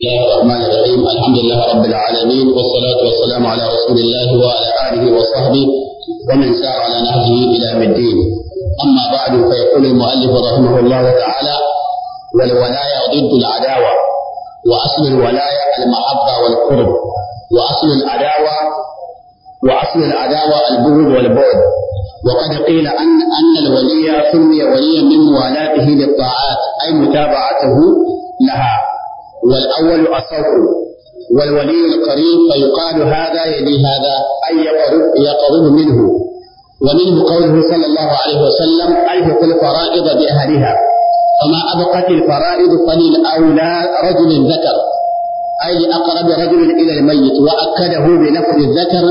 الله الرحمن الرحيم الحمد لله رب العالمين والصلاة والسلام على رسول الله وعلى آله وصحبه ومن سار على نهجه إلى الدين أما بعد فيقول المؤلف رحمه الله تعالى والولاية ضد العداوة وأصل الولاية المحبة والقرب وأصل العداوة وأصل العداوة البغض والبعد وقد قيل أن أن الولي سمي وليا من موالاته للطاعات أي متابعته لها والأول أصر والولي القريب فيقال هذا يلي هذا أي يقرب منه ومنه قوله صلى الله عليه وسلم ألحق الفرائض بأهلها فما أبقت الفرائض فللأولى رجل ذكر أي لأقرب رجل إلى الميت وأكده بلفظ الذكر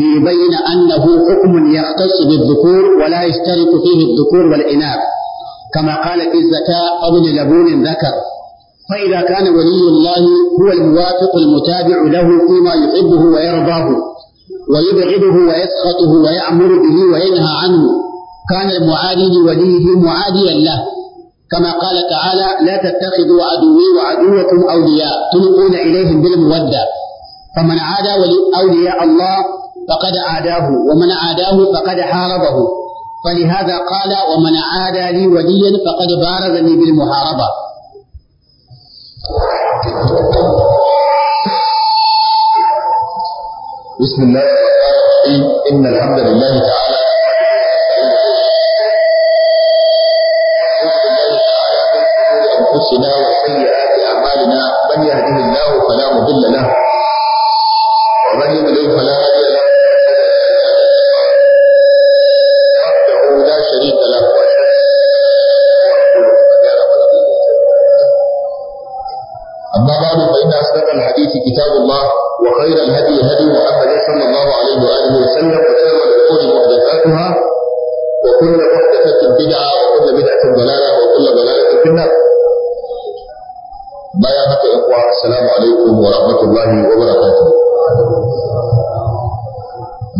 ليبين أنه حكم يختص بالذكور ولا يشترك فيه الذكور والإناث كما قال في الزكاة أو لبون ذكر فإذا كان ولي الله هو الموافق المتابع له فيما يحبه ويرضاه ويبغضه ويسخطه ويأمر به وينهى عنه كان المعادي لوليه معاديا له كما قال تعالى لا تتخذوا عدوي وعدوكم أولياء تلقون إليهم بالمودة فمن عادى أولياء الله فقد عاداه ومن عاداه فقد حاربه فلهذا قال ومن عادى لي وليا فقد بارزني بالمحاربة بسم الله الرحمن الرحيم إن الحمد لله تعالى rahmatullahi wa barakatuh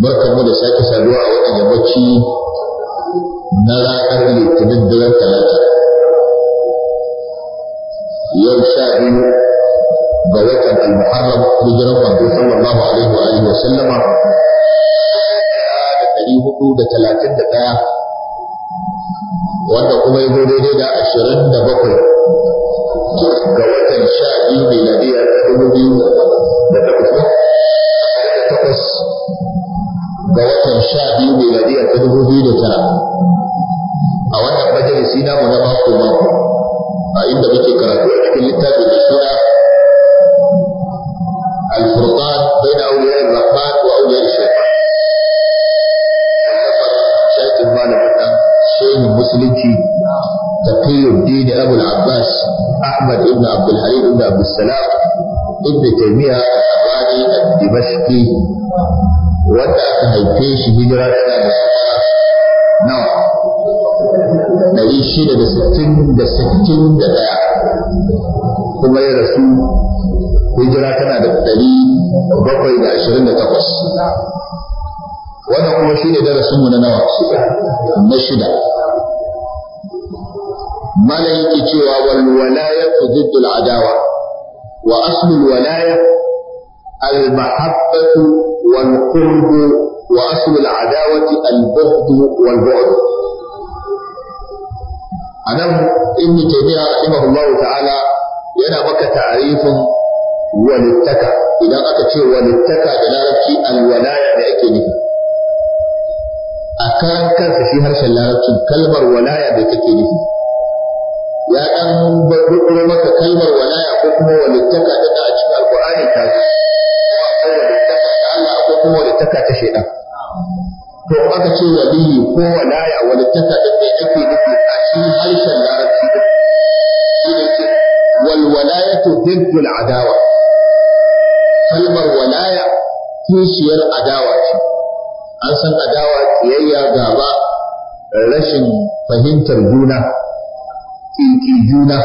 barkamu da sake saduwa a wannan yammaci na ranar litinin daren talata yau sha biyu ga watan al-muharram hijiran manzo sallallahu alaihi wa alihi wa sallama da ɗari hudu da talatin da ɗaya wanda kuma ya zo daidai da ashirin da bakwai ga watan sha biyu miladiya ta dubu biyu da takwas ga watan sha biyu miladiyar ta dubu biyu da tara a wannan majalisi namu na mako mako a inda muke karatu a cikin littafin da suna الفرقان بين أولياء الرحمن وأولياء الشيطان شيخ المال شيخ المسلمي تقي الدين أبو العباس أحمد بن عبد الحليم بن عبد السلام ابن تيمية الحراني dimashqi wanda aka haife shi hijira da nawa ɗari shida da sittin da sittin da ɗaya kuma ya rasu hijira tana da ɗari bakwai da ashirin da takwas wannan kuma shi ne darasinmu na nawa na shida malam yake cewa wal walayatu adawa, wa واصل الولايه المحبة والقرب وأصل العداوة البغض والبعد أنا ابن تيمية رحمه الله تعالى yana maka ta'arifin walittaka idan aka ce walittaka da larabci alwalaya da ake nufi a karan kansa shi harshen larabci kalmar walaya nufi ya dan babburo maka kalmar walaya ko kuma walittaka da a cikin alqur'ani ta akwai walittaka ta Allah akwai kuma walittaka ta shaidan to aka ce waliyi ko walaya walittaka din da ake nufi a shi harshen larabci din shi ne ce wal walayatu diddul adawa kalmar walaya kishiyar adawa ce an san adawa kiyayya gaba rashin fahimtar juna kinki juna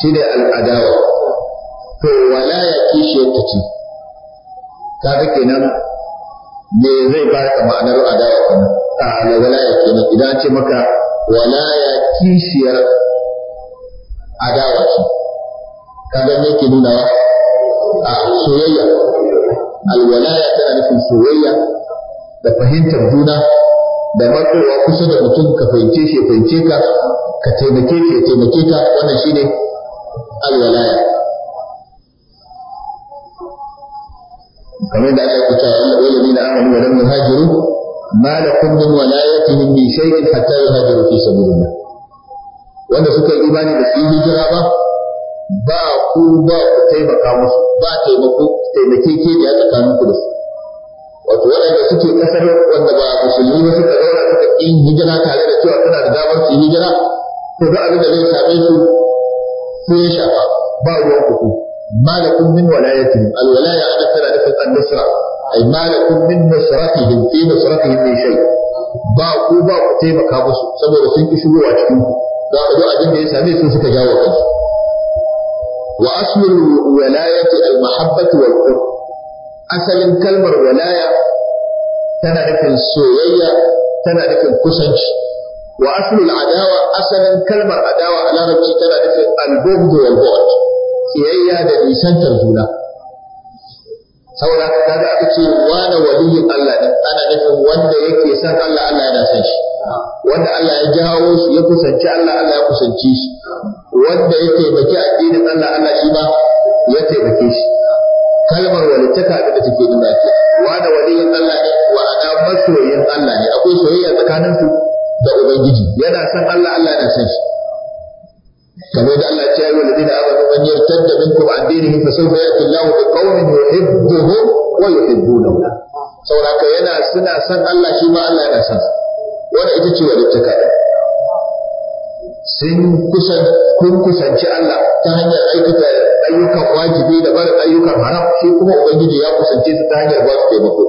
shi ne al'adawa to walaya kishiyar ta ce kaga kenan me zai baka ma'anar adawa kuma a ya kenan idan ce maka walaya kishiyar adawa ce kaga me ke nuna wa a soyayya alwalaya tana nufin soyayya da fahimtar juna da matsowa kusa da mutum ka fahimce shi fahimce ka ka taimake shi ya taimake ka wannan shine alwalaya kamar da aka Allah ya kuta wal ladina amanu wa lam yuhajiru ma lakum min walayatihim min shay'in hatta yuhajiru fi sabilillah wanda suka yi imani da su hijira ba ba ku ba ku taimaka musu ba taimako taimake ke da tsakanin ku da su wato waɗanda suke ƙasar wanda ba musulmi ba suka zauna suka yi hijira tare da cewa suna da damar su hijira to duk abin da zai same su sai ya shafa ba ruwan kuku malakum min walayatihim alwalaya ana tana nufin an-nusra ai malakum min nusratihim fi nusratihim min shay ba ku ba ku taimaka musu saboda sun ki shigowa cikin ku za ka zo abin da ya same su suka jawo kansu wa aslul walayati al-mahabbatu wal asalin kalmar walaya tana nufin soyayya tana nufin kusanci adawa asalin kalmar adawa a larabci tana nufin al kiyayya da isantar juna saboda haka kaga aka ce wani waliyin Allah ne ana nufin wanda yake san Allah Allah yana san shi wanda Allah ya jawo shi ya kusanci Allah Allah ya kusanci shi wanda baki a addinin Allah Allah shi ba ya taimake shi kalmar walittaka da take da ke wani waliyin Allah ne wa ana masoyin Allah ne akwai soyayya tsakanin su da ubangiji yana san Allah Allah yana san shi كما da Allah ya yi ladina من يرتد منكم عن دينه فسوف fa الله بقوم Allahu ويحبونه qaumin yuhibbuhum yana suna san Allah shi ma Allah yana san wannan ita ce walittaka sun kusan kun kusanci Allah ta hanyar aikata ayyukan wajibi da bar ayyukan haram shi kuma ubangiji ya kusance su ta hanyar ba su taimako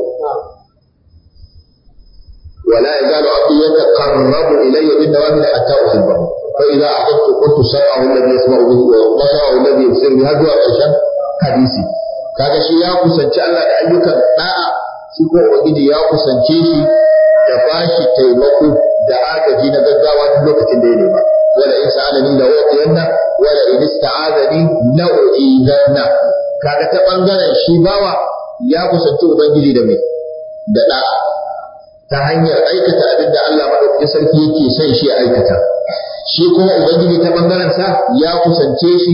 ولا يزال عبدي da الي بالنوافل hatta احبه a أحببت قلت سمعه الذي يسمع به وبصره الذي يبصر به هذا ƙarshen hadisi kaga shi ya kusanci Allah da ayyukan da'a shi ko ya kusance shi da bashi taimako da agaji na gaggawa duk lokacin da ya nema wala in sa'alani la uqiyanna wala in ista'azani la u'idanna kaga ta bangaren shi bawa ya kusanci ubangiji da mai da da'a ta hanyar aikata abin da Allah madaukakin sarki yake son shi aikata shi kuma ubangiji ta bangaren sa ya kusance shi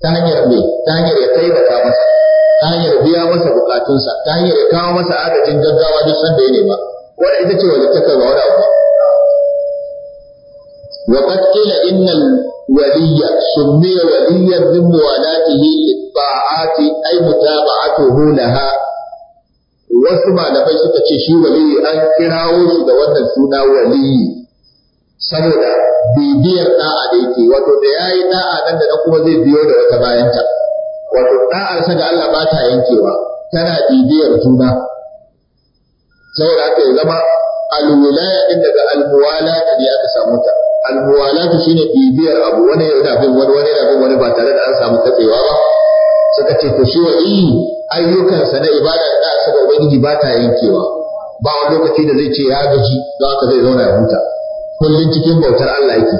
ta hanyar me ta hanyar ya taimaka masa ta hanyar biya masa bukatunsa ta hanyar ya kawo masa agajin gaggawa duk sanda ya nema wanda ita ce walittaka ba wani abu wa qad qila innal waliyya summiya waliyyan min muwalatihi litta'ati ay mutaba'atuhu laha wasu malamai suka ce shi waliyi an kirawo shi da wannan suna waliyi saboda bibiyar da'a da yake wato da yi da'a nan da kuma zai biyo da wata bayanta wato da'ar sa da Allah ba ta yankewa tana bibiyar juna saboda haka ya zama alwilaya din daga almuwala da ya aka samu ta almuwala ta shine bibiyar abu wani yana bin wani wani yana bin wani ba tare da an samu katsewa ba suka ce to shi wa'ili ayyukansa na ibada da da'a saboda ubangiji ba ta yankewa ba wani lokaci da zai ce ya gaji za ka zai zauna ya huta kullum cikin bautar Allah yake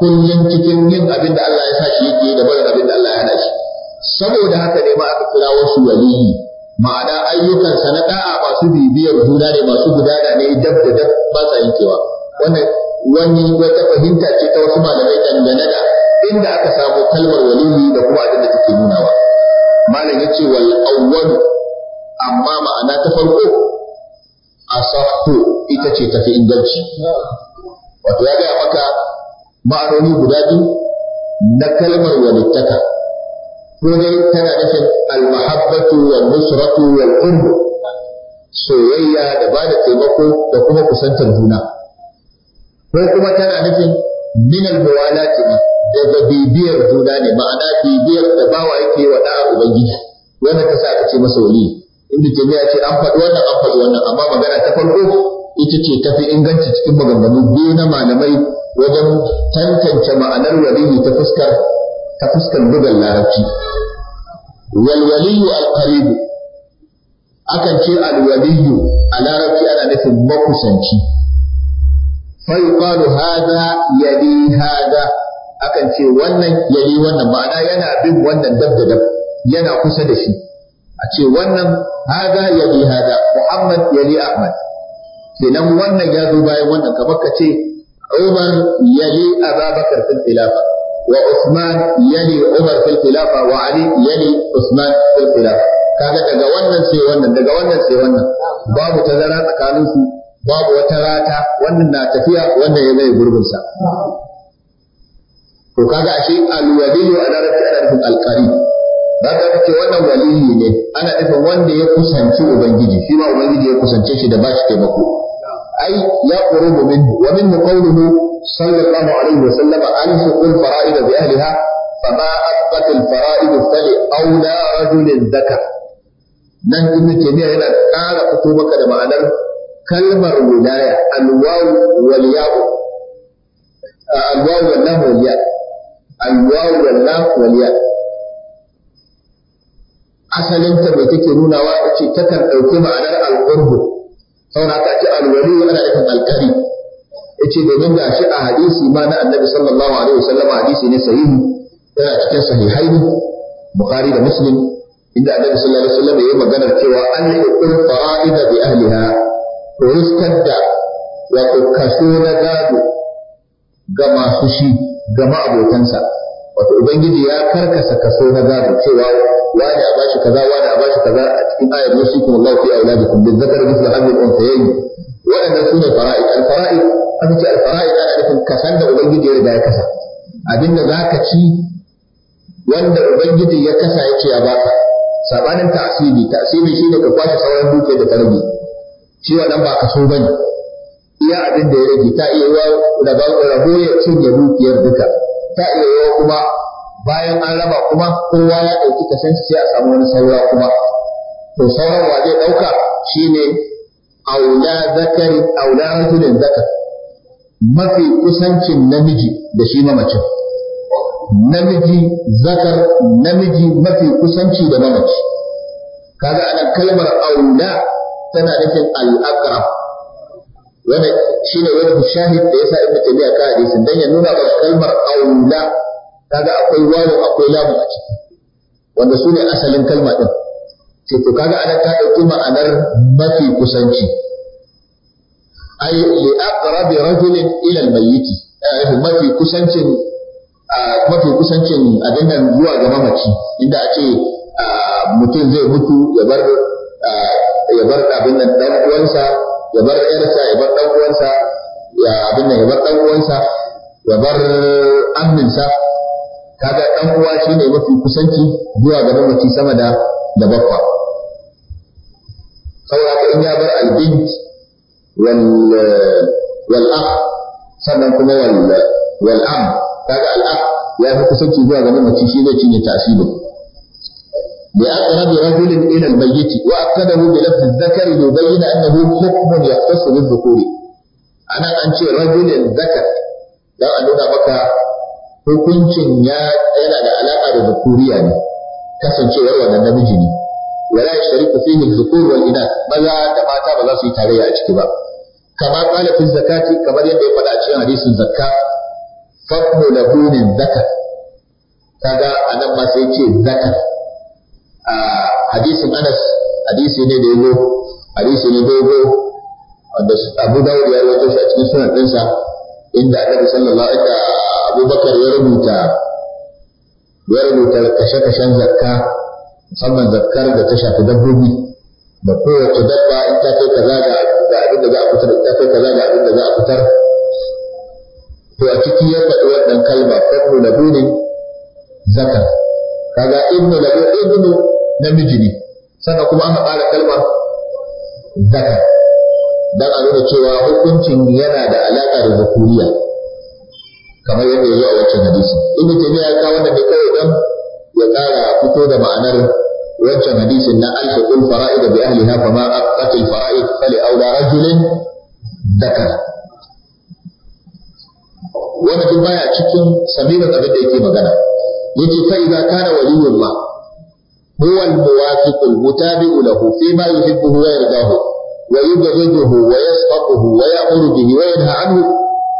kullum cikin yin abin da Allah ya sa shi yake da barin abin da Allah ya hana shi saboda haka ne ma aka kira wasu waliyi ma'ana sa na da'a masu bibiyar juna ne masu gudana ne dab da dab ba sa yankewa wannan wani wata fahimta ce ta wasu malamai dangane da inda aka samu kalmar waliyi da kuma abin da take nunawa malam yace wal awwal amma ma'ana ta farko asahhu ita ce ta fi inganci wato ya gaya maka ma'anoni guda biyu na kalmar walittaka ko dai tana nufin almahabbatu wal nusratu wal qurb soyayya da ba da taimako da kuma kusantar juna ko kuma tana nufin min al muwalati daga bibiyar juna ne ma'ana bibiyar da bawa yake wa da'a ubangiji wannan ta sa ka ce masa wali inda jami'a ce an faɗi wannan an faɗi wannan amma magana ta farko ita ce tafi inganci cikin maganganu biyu na malamai wajen tantance ma'anar waliyu ta fuskar ta fuskar bugan larabci Walwaliyu waliyu akan ce al waliyu a larabci ana nufin makusanci fa yuqalu hada yali hada akan ce wannan yali wannan ma'ana yana bin wannan dab da dab yana kusa da shi a ce wannan hada yali hada muhammad yali ahmad kenan wannan ya zo bayan wannan kamar ka ce Umar yi Abubakar fil khilafa wa Usman yi Umar fil khilafa wa Ali ya yi Usman fil khilafa kaga daga wannan sai wannan daga wannan sai wannan babu tazara tsakanin su babu wata rata wannan na tafiya wannan ya mai gurbin sa to kaga ashe al-waliyyu ala rabbil al-qarib ba ka ce wannan waliyi ne ana nufin wanda ya kusanci ubangiji shi ma ubangiji ya kusance shi da ba shi taimako أي يقرب منه ومنه قوله صلى الله عليه وسلم ألحق الفرائض بأهلها فما أثبت الفرائض فلأولى رجل ذكر nan ibn taymiya yana ƙara fito maka da ma'anar kalmar wilaya alwaw wal ya'u alwaw wal lam wal ya alwaw wal lam wal ya asalin ta bai take nunawa ce takan ɗauki ma'anar alqurbu saboda haka ce alwali ana nufin alkari ce domin ga shi a hadisi ma na annabi sallallahu alaihi wasallam hadisi ne sahihi yana cikin sahihaini bukhari da muslim inda annabi sallallahu alaihi wasallam yi maganar cewa an yuqul fara'ida bi ahliha to riskar da wato kaso na gado ga masu shi ga ma'abotansa wato ubangiji ya karkasa kaso na gado cewa wani a bashi kaza wani a bashi kaza a cikin ayar yusikum Allahu fi auladikum bil zakar mithlu hadhihi al unthayayn waɗannan sune fara'id al fara'id an ce al fara'id ana nufin kasan da ubangiji ya riga ya kasa abinda za ka ci wanda ubangiji ya kasa ya ce ya baka sabanin ta'asibi ta'asibi shine ka kwashe sauran dukiyar da ta rage shi wannan ba kaso bane iya abin da ya rage ta iya yawa rabo ya cinye dukiyar duka ta iya yawa kuma bayan an raba kuma kowa ya ɗauki kasanci sai a samu wani saura kuma to sauran wa zai ɗauka shine aula zakari aula rajulin zakar mafi kusancin namiji da shi mamacin namiji zakar namiji mafi kusanci da mamaci kaga anan kalmar aula tana nufin al-aqrab Wani shi ne wani shahid da ya da ta biya ka hadisin dan ya nuna ba kalmar aula kaga akwai wawu akwai lamu a ciki wanda su ne asalin kalma din ce to kaga ana ta dauki ma'anar mafi kusanci ay li aqrabi rajulin ila al-mayyit eh, mafi kusancin mafi kusancin abin dangan zuwa ga mamaci inda a ce mutum zai mutu ya bar ya bar abin nan dan uwansa ya bar ƴarsa ya bar ɗan uwansa ya abin da ya bar ɗan uwansa ya bar amminsa kaga ɗan uwa shine mafi kusanci zuwa ga mamaci sama da da bakwa saboda haka in ya bar albint wal wal akh sannan kuma wal wal am kaga al akh ya fi kusanci zuwa ga mamaci shi zai cinye tasirin بأقرب رجل إلى الميت وأكده بلفظ الذكر ليبين أنه حكم يختص بالذكور أنا أنت رجل ذكر لو أننا بك hukuncin ya yana da alaƙa da zukuriya ne kasancewar wannan namiji ne wala yashriku fihi dhukur wal inath maza da mata ba za su yi tarayya a ciki ba kama qala zakati kamar yadda ya faɗa a cikin hadisin zakka fadlu zakar, min zakat kaga anan ma sai ce zakat A hadisin Anas hadisi ne da yago hadisi ne dogo wanda Abu Dawud ya rawaito shi a cikin sunan ɗinsa inda Annabi sallallahu alaihi wasallam Abu ya rubuta ya rubuta kashe-kashen zakka musamman zakkar da ta shafi dabbobi da kowace dabba in ta kai kaza ga abin da za a fitar ta kai kaza ga abin da za a fitar to a ciki ya faɗi wannan kalma fadlu labuni zakar kaga ibnu da ibnu namiji ne sannan kuma aka ƙara kalmar zakar dan a nuna cewa hukuncin yana da alaƙa da zakuriya kamar yadda ya zo a wancan hadisi ibnu taymiya ya kawo wannan kai kawai dan ya ƙara fito da ma'anar wancan hadisin na alhaqul fara'id bi ahliha fama aqatil fara'id fali aula rajulin zakar wannan duk baya cikin samirin abin da yake magana yace fa idza kana waliyullah huwa al-muwafiq al-mutabi'u lahu fi ma yuhibbu wa yardahu wa yubghiduhu wa yasfaquhu wa ya'muru bihi wa yanha anhu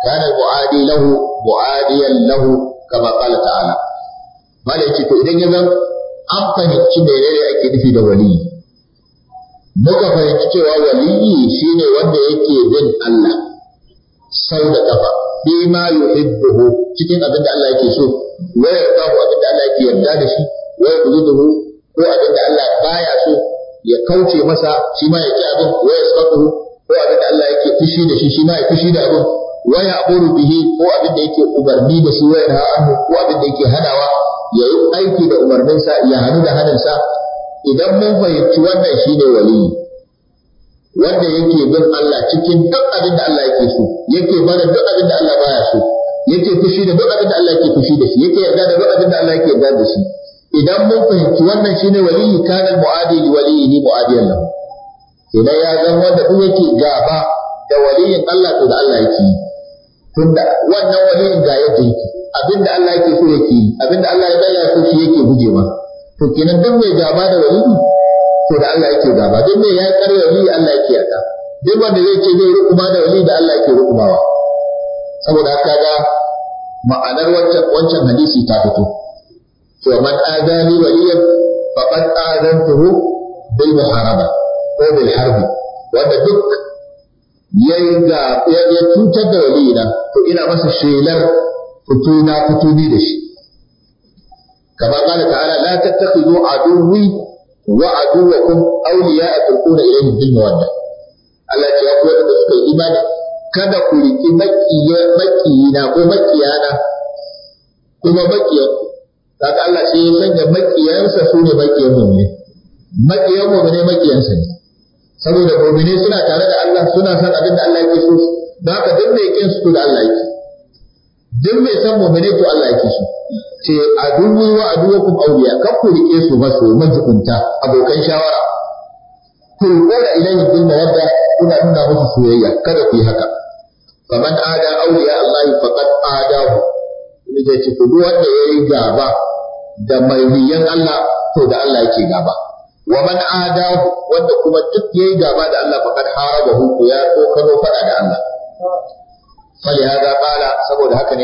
kana mu'adi lahu mu'adiyan lahu kama qala ta'ala bale yace to idan ya an fahimci menene ake nufi da wali muka fahimci cewa wali shine wanda yake bin Allah sau da kafa bima yuhibbu cikin abin da Allah yake so wa yardahu abin da Allah ke yarda da shi wa duhu ko abin da Allah baya so ya kauce masa shi ma ya ki abin wa yasfaquhu ko abin da Allah yake fushi da shi shi ma ya fushi da abin wa aburu bihi ko abin da yake umarni da shi wa yanha anhu ko abin da yake hadawa ya yi aiki da umarninsa ya hannu da hannunsa idan mun fahimci wannan shi ne waliyi wanda yake bin Allah cikin duk abin da Allah yake so yake barin duk abin da Allah baya so yake fushi da duk abin da Allah yake fushi da shi yake yarda da duk abin da Allah yake yarda da shi idan mun fahimci wannan shine waliyi kana mu'adi li ni mu'adiyan lahu idan ya zama wanda duk yake gaba da waliyin Allah to da Allah yake tunda wannan waliyin ga yake yake abinda Allah yake so yake abinda Allah ya bayyana so shi yake gujewa to kenan duk mai gaba da waliyyi to da Allah yake gaba duk mai ya karya waliyyi Allah yake yarda duk wanda zai ce zai rukuma da waliyyi da Allah yake rukumawa saboda haka ga ma'anar wancan hadisi ta fito to man adani waliyan faqad adantuhu bil muharaba ko bil harbi wanda duk yayga ya tutar da waliyina to ina masa shelar fituna fituni da shi kama qala ta'ala la tattakhidhu aduwwi wa aduwwakum awliya'a tulquna ilayhim bil mawaddah Allah ya ce ya kuwa da suka imani kada ku riƙi maƙiyina ko maƙiyana kuma maƙiyarku kaga Allah sai ya sanya bakiyansa su ne maƙiyan mu'mini maƙiyan mu'mini maƙiyansa ne saboda mu'mini suna tare da Allah suna san abin da Allah yake so don haka duk mai kin su da Allah yake duk mai san mu'mini to Allah yake shi ce aduwu wa aduwakum auliya kan ku riƙe su su majibunta abokan shawara ku riƙo da ilahi bil mawadda kuna nuna musu soyayya kada ku yi haka faman ada auliya Allah faqad adahu ne da ce duk wanda yi gaba da mailiyan Allah to da Allah yake gaba wa man adahu wanda kuma duk yi gaba da Allah faqad harabahu to ya tsokano faɗa da Allah Sai ya ga فلهذا قال سبب هكا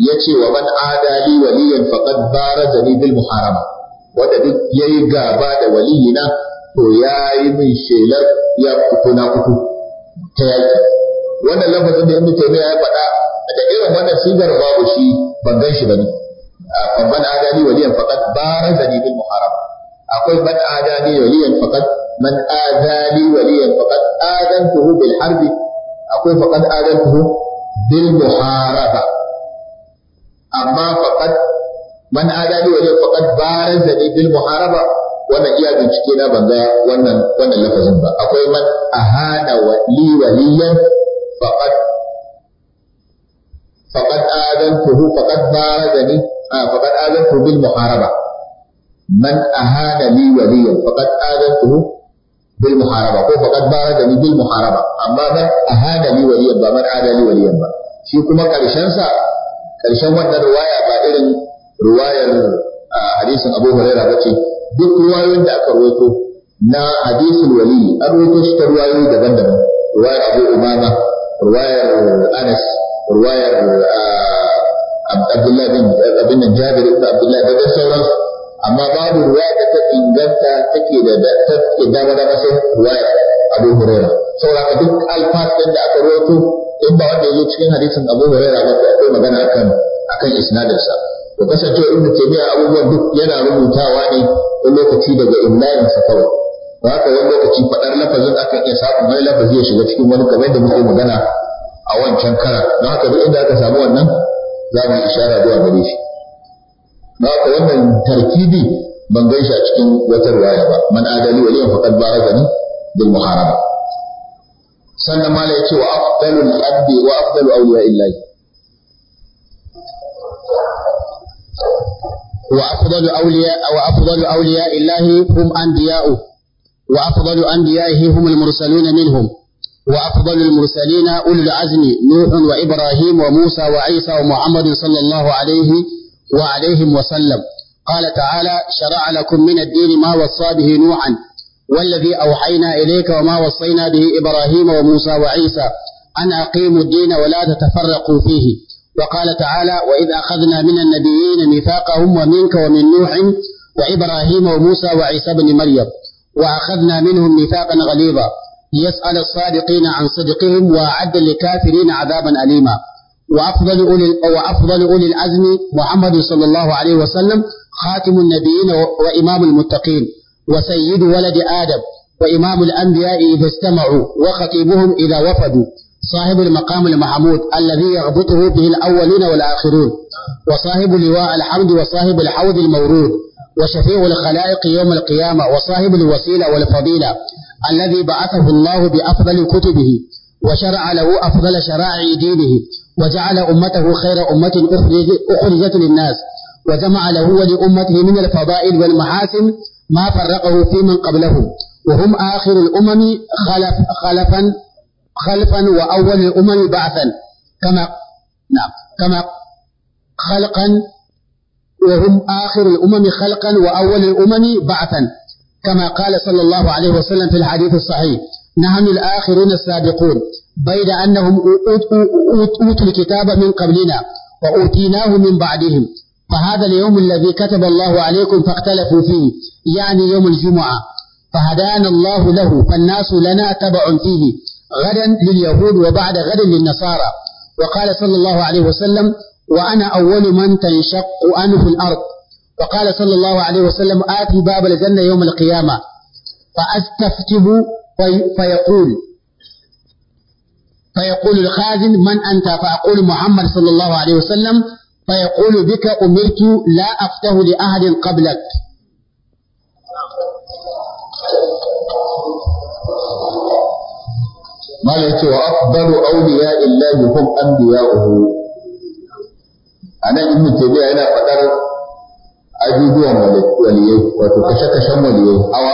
yace wa man adali waliyan faqad barazani bil muharama wanda duk yi gaba da waliyina to ya yi min shelar ya kutu na kutu ta yaki wannan lafazin da ibnu taymiya ya faɗa a ta irin wannan sigar babu shi ban gan shi bane ban adani waliyan faqat barazani bil muharram akwai ban adani waliyan faqat man adani waliyan adan tuhu bil harbi akwai faqat tuhu bil muharaba amma faqat man adani waliyan faqat barazani bil muharaba wannan iya bincike na ban ga wannan wannan lafazin ba akwai man ahana wali waliyan faqad faqad adantuhu faqad baradani faqad adantu bil muharaba man a ahana ni waliyan faqad adantuhu bil muharaba ko faqad baradani bil muharaba amma man a ahana ni waliyan ba man ada ni waliyan ba shi kuma karshen sa karshen wannan ruwaya ba irin ruwayar riwayar hadisin Abu Hurairah ce duk ruwayoyin da aka rawaito na hadisin waliyi an rawaito shi ta ruwayoyi daban-daban riwayar Abu Umama ruwayar Anas ruwayar ah, abdullahi bin abin Jabir ibn abdullahi da sauran amma babu ruwa da ta inganta take da take da da sai ruwayar Abu Hurairah saboda duk alfas din da aka rawaito in ba wanda yake cikin hadisin Abu huraira ba ko magana akan akan isnadinsa to kasance ibn Taymiyyah abubuwan duk yana rubutawa ne lokaci daga imlayin sa kawai za ka wani lokaci faɗar lafazin aka iya samun wani lafazi ya shiga cikin wani kamar da muke magana a wancan karan Na haka duk inda aka samu wannan za mu ishara zuwa gare shi Na haka wannan tarkibi ban gan shi a cikin wata riwaya ba man adali waliyan faqad barazani bil muharaba sannan mala yace wa afdalul abdi wa afdalu awliya illahi wa afdalu awliya wa afdalu awliya illahi hum anbiya'u وأفضل أنبيائه هم المرسلون منهم وأفضل المرسلين أولي العزم نوح وإبراهيم وموسى وعيسى ومحمد صلى الله عليه وعليهم وسلم قال تعالى شرع لكم من الدين ما وصى به نوحا والذي أوحينا إليك وما وصينا به إبراهيم وموسى وعيسى أن أقيموا الدين ولا تتفرقوا فيه وقال تعالى وإذ أخذنا من النبيين ميثاقهم ومنك ومن نوح وإبراهيم وموسى وعيسى بن مريم وأخذنا منهم ميثاقا غليظا ليسأل الصادقين عن صدقهم وأعد للكافرين عذابا أليما وأفضل أولي, وأفضل أولي العزم محمد صلى الله عليه وسلم خاتم النبيين وإمام المتقين وسيد ولد آدم وإمام الأنبياء إذا استمعوا وخطيبهم إذا وفدوا صاحب المقام المحمود الذي يغبطه به الأولون والآخرون وصاحب لواء الحمد وصاحب الحوض المورود وشفيع الخلائق يوم القيامة وصاحب الوسيلة والفضيلة الذي بعثه الله بأفضل كتبه وشرع له أفضل شرائع دينه وجعل أمته خير أمة أخرجت للناس وجمع له ولأمته من الفضائل والمحاسن ما فرقه في من قبله وهم آخر الأمم خلف خلفا خلفا وأول الأمم بعثا كما نعم كما خلقا وهم آخر الأمم خلقا وأول الأمم بعثا كما قال صلى الله عليه وسلم في الحديث الصحيح نحن الآخرون السابقون بيد أنهم أوتوا الكتاب من قبلنا وأوتيناه من بعدهم فهذا اليوم الذي كتب الله عليكم فاختلفوا فيه يعني يوم الجمعة فهدانا الله له فالناس لنا تبع فيه غدا لليهود وبعد غد للنصارى وقال صلى الله عليه وسلم وأنا أول من تنشق في الأرض وقال صلى الله عليه وسلم آتي باب الجنة يوم القيامة فأستفتب في فيقول فيقول الخازن من أنت فأقول محمد صلى الله عليه وسلم فيقول بك أمرت لا أفته لأحد قبلك ما يتوى أفضل أولياء الله هم أنبياؤه a nan ibn tabiya yana faɗar abubuwan waliyai wato kashe-kashen waliyai hawa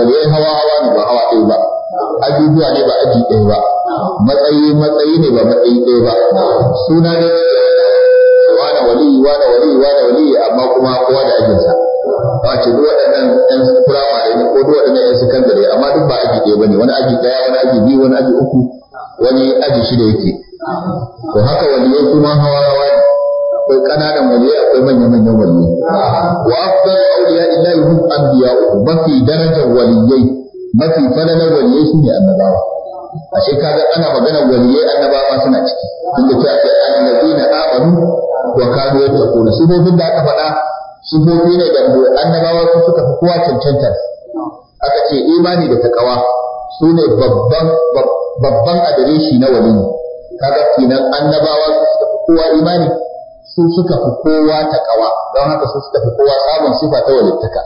waliyai hawa hawa ne ba hawa ɗaya ba abubuwa ne ba aji ɗaya ba matsayi matsayi ne ba matsayi ɗaya ba suna ne wane waliyi wane waliyi wane waliyi amma kuma kowa da ajinsa ba ce duk waɗannan ɗan firamare ne ko duk waɗannan ɗan sakandare amma duk ba aji ɗaya ba ne wani aji ɗaya wani aji biyu wani aji uku wani aji shida yake to haka waliyai kuma hawa hawa ne akwai kananan waje akwai manyan manyan waje wa afdal awliya illahi hum anbiya mafi darajar waliyai mafi fadalar waliyai shine annabawa ashe kaga ana magana waliyai annabawa suna ciki inda ta ce annabina amanu wa kanu yattaquna sifofin da aka faɗa sifofi ne da annabawa su suka fi kowa cancanta aka ce imani da takawa su ne babban babban adireshi na waliyi kaga kinan annabawa su suka fi kowa imani su suka fi kowa ta kawa don haka su suka fi kowa samun sifa ta walittaka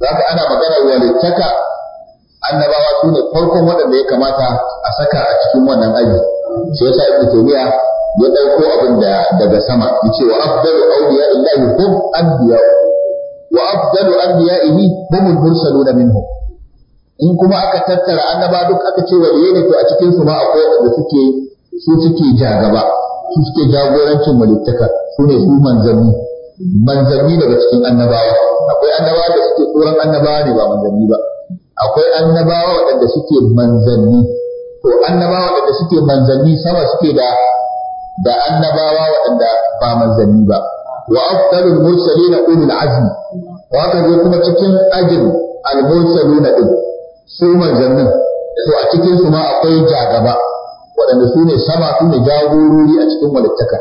za ka ana magana walittaka annabawa su ne farkon waɗanda ya kamata a saka a cikin wannan aji shi sa ibn taymiya ya ɗauko abin da daga sama ce wa afdalu awliya illahi hum anbiya wa afdalu anbiya'ihi hum mursaluna minhum in kuma aka tattara annaba duk aka ce waliyai ne to a cikin su ma akwai da suke su suke jagaba su suke jagorancin walittaka. su ne su manzanni manzanni daga cikin annabawa akwai annabawa da suke tsoron annabawa ne ba manzanni ba akwai annabawa waɗanda suke manzanni to annabawa waɗanda suke manzanni sama suke da da annabawa waɗanda ba manzanni ba wa afdalul mursalina ulul azmi wa haka zai kuma cikin ajin al mursalina din su manzanni to a cikin su ma akwai jagaba waɗanda su ne sama su ne jagorori a cikin walittaka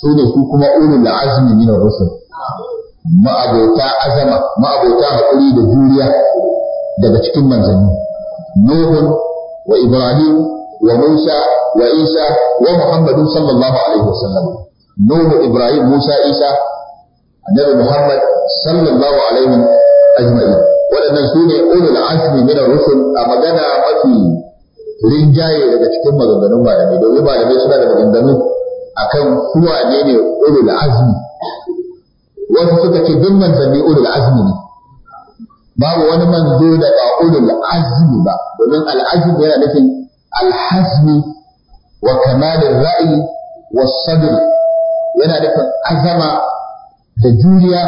su ne ku kuma ulul azmi min ar-rusul ma'abota azama ma'abota haƙuri da juriya daga cikin manzanni nuhun wa ibrahim wa musa wa isa wa muhammadu sallallahu alaihi wasallam nuhu ibrahim musa isa annabi muhammad sallallahu alaihi ajma'i waɗannan su ne ulul azmi min ar-rusul a magana mafi rinjaye daga cikin maganganun malamai domin malamai suna da maganganu akan kuwa ne ne ulul azmi wasu suka ce duk manzanni ulul azmi ne babu wani manzo da ba ulul azmi ba domin al'azmi yana nufin alhazmi wa kamalin ra'ayi wa sadr yana nufin azama da juriya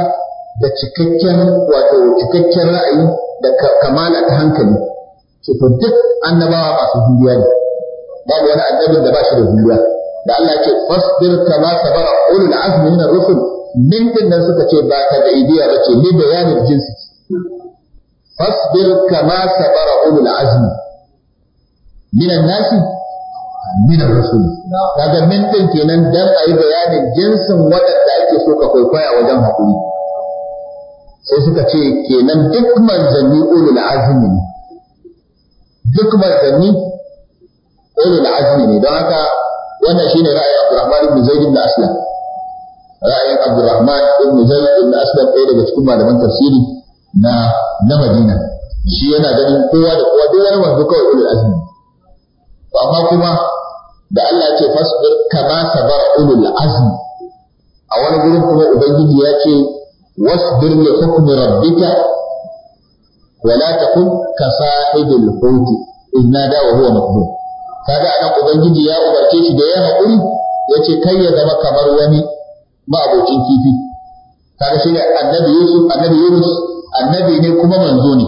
da cikakken wato cikakken ra'ayi da kamala ta hankali to duk annabawa masu juriya ne babu wani annabin da ba shi da juriya da Allah ce fasbir kama sabara ulul azmi min ar-rusul min din nan suka ce ba ta da idiya ce ni bayanin jinsi fasbir kama sabara ulul azmi min an-nasi min ar-rusul kaga min din kenan dan ayi bayanin jinsin wadanda ake so ka kwaikwaya wajen hakuri sai suka ce kenan duk manzanni ulul azmi ne duk manzanni ulul azmi ne don haka wannan shine ra'ayin Abdurrahman ibn Zaid ibn Aslam ra'ayin Abdurrahman ibn Zaid ibn Aslam ɗaya daga cikin malaman tafsiri na na Madina shi yana ganin kowa da kowa duk wani manzo kawai ulul azmi amma kuma da Allah ya ce fasbir kama sabara ulul azmi a wani gurin kuma ubangiji ya ce wasbir li hukmi rabbika ولا تكن كصاحب الحوت إذ نادى وهو مكذوب kaga anan ubangiji ya umarce shi da ya haƙuri ya ce kai ya zama kamar wani ma'abokin kifi kaga shi ne annabi yusuf annabi yunus annabi ne kuma manzo ne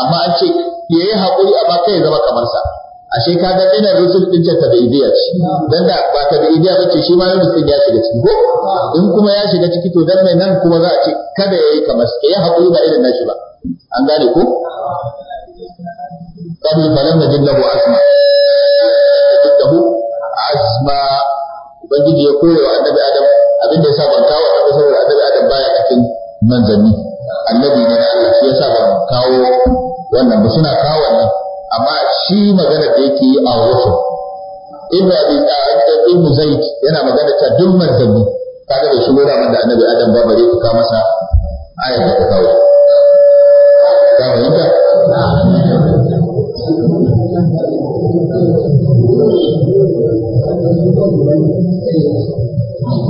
amma an ce ya yi haƙuri amma kai ya zama kamar sa ashe kaga ina rusul din ta tabi'idiyya ce dan da ba tabi'idiyya bace shi ma yunus din ya shiga ciki ko in kuma ya shiga ciki to dan mai nan kuma za a ce kada ya yi kamar sa ya haƙuri ba irin nashi ba an gane ko qabl falam najid lahu azma najid lahu azma ya koya wa annabi adam abinda yasa ban kawo annabi saboda annabi adam baya cikin manzanni annabi ne na Allah shi ban kawo wannan ba suna kawo wannan amma shi magana da yake yi a rusul ibnu abi ibnu zaid yana magana ta duk manzanni kaga bai shigo da da annabi adam ba ya kuka masa ayat ka kawo ka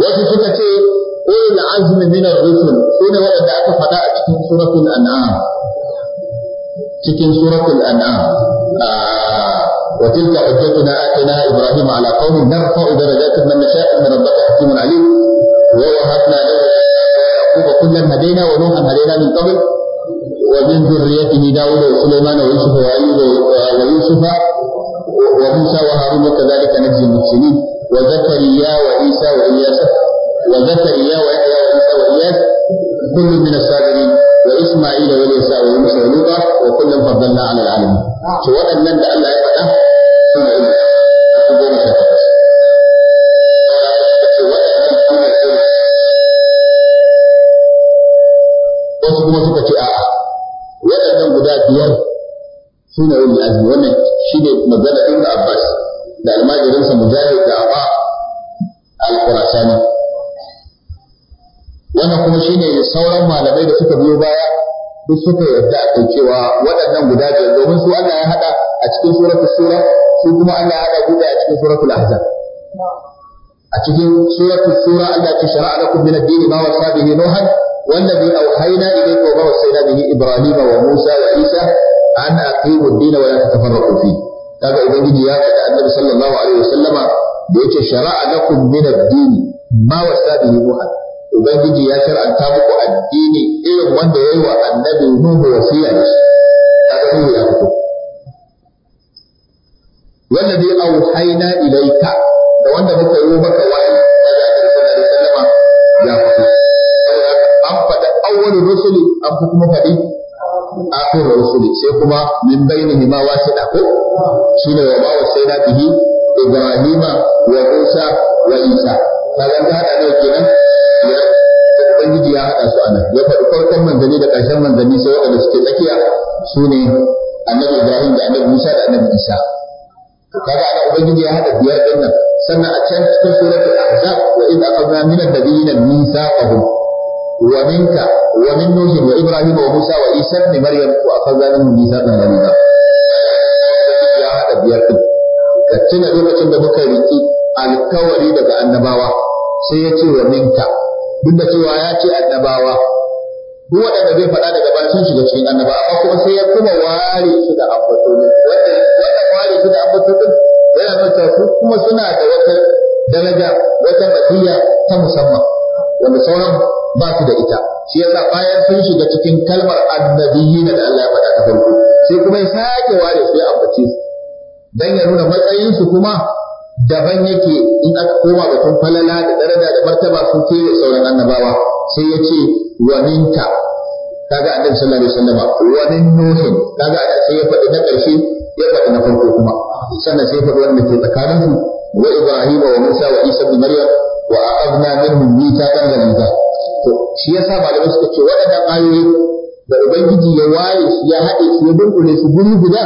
wasu suka ce ulul azmi min ar-rusul sune waɗanda aka faɗa a cikin suratul an'am cikin suratul an'am wa tilka hujjatuna atina ibrahim ala qaumin narfa'u darajatin man nasha'u min rabbika hakimun alim wa wahabna lahu yaqub kullan hadaina wa nuhan hadaina min qabl ومن ذريته داود وسليمان ويوسف وأيوب ويوسف وموسى وهارون وكذلك نجزي المحسنين وزكريا وعيسى وإياس وزكريا ويحيى وعيسى وإياس كل من الصابرين وإسماعيل واليسع ويونس ولوطا وكلا فضلنا على العالمين. شو وأن الله يفتح سنة suna yin azumi wannan shi ne magana ibn Abbas da almajirinsa mujahid da Abba al-Qurasani wannan kuma shi ne sauran malamai da suka biyo baya duk suka yarda a kan cewa waɗannan guda biyar domin su Allah ya haɗa a cikin suratu sura su kuma Allah ya haɗa guda a cikin suratu ahzab a cikin suratu sura Allah ce shara'a lakum min ad-din ma wasa bihi nuhan والذي أوحينا إليك وما وصينا به Musa وموسى Isa. an aqimu ad-din wa la tatafarraqu fi kaga ubangiji ya faɗa annabi sallallahu alaihi wasallama da yake shara'a lakum min ad-din ma wasa bihi ubangiji ya shar'anta muku addini irin wanda yayi wa annabi nuhu wasiya kaga nuhu ya fito wallazi auhayna ilayka da wanda muka yi maka wahayi daga annabi sallallahu alaihi wasallama ya fito an faɗa an kuma faɗi akhir rusul sai kuma min bainihi ma wasida ko shine wa ba da bihi ibrahima wa musa wa isa kaga ta hada ne kenan ubangiji ya hada su anan ya faɗi farkon manzanni da ƙarshen manzanni sai wanda suke tsakiya su ne annabi ibrahim da annabi musa da annabi isa kaga ana ubangiji ya hada biyar din nan sannan a can cikin suratul ahzab wa idza aqadna min an-nabiyina mithaqahum wa minka wa min nuh wa ibrahim wa musa wa isa ibn maryam wa akhadnahum mithaqan ghaliza ya hada biyar din ka tuna lokacin da muka riki alkawari daga annabawa sai ya ce wa minka duk da cewa ya ce annabawa duk waɗanda zai faɗa daga baya sun shiga cikin annaba amma kuma sai ya kuma ware shi da ambatonin wanda ware shi da ambatonin yana nuna su kuma suna da wata daraja wata fadiya ta musamman wanda sauran ba su da ita shi yasa bayan sun shiga cikin kalmar annabiyyin da Allah ya faɗa ta farko sai kuma ya sake ware su ya ambace su dan ya nuna matsayin su kuma daban yake in aka koma batun falala da daraja da martaba sun ke da sauran annabawa sai ya ce wa minka kaga annabi sallallahu alaihi wasallam wa min nuhin kaga sai ya faɗi na ƙarshe ya faɗi na farko kuma sannan sai ya faɗi wanda ke tsakanin su wa ibrahima wa musa wa isa ibn maryam wa aqadna minhum mithaqan ghaliza to shi yasa malamai suka ce waɗannan ayoyi da ubangiji ya waye su ya haɗe su ya dunkule su guri guda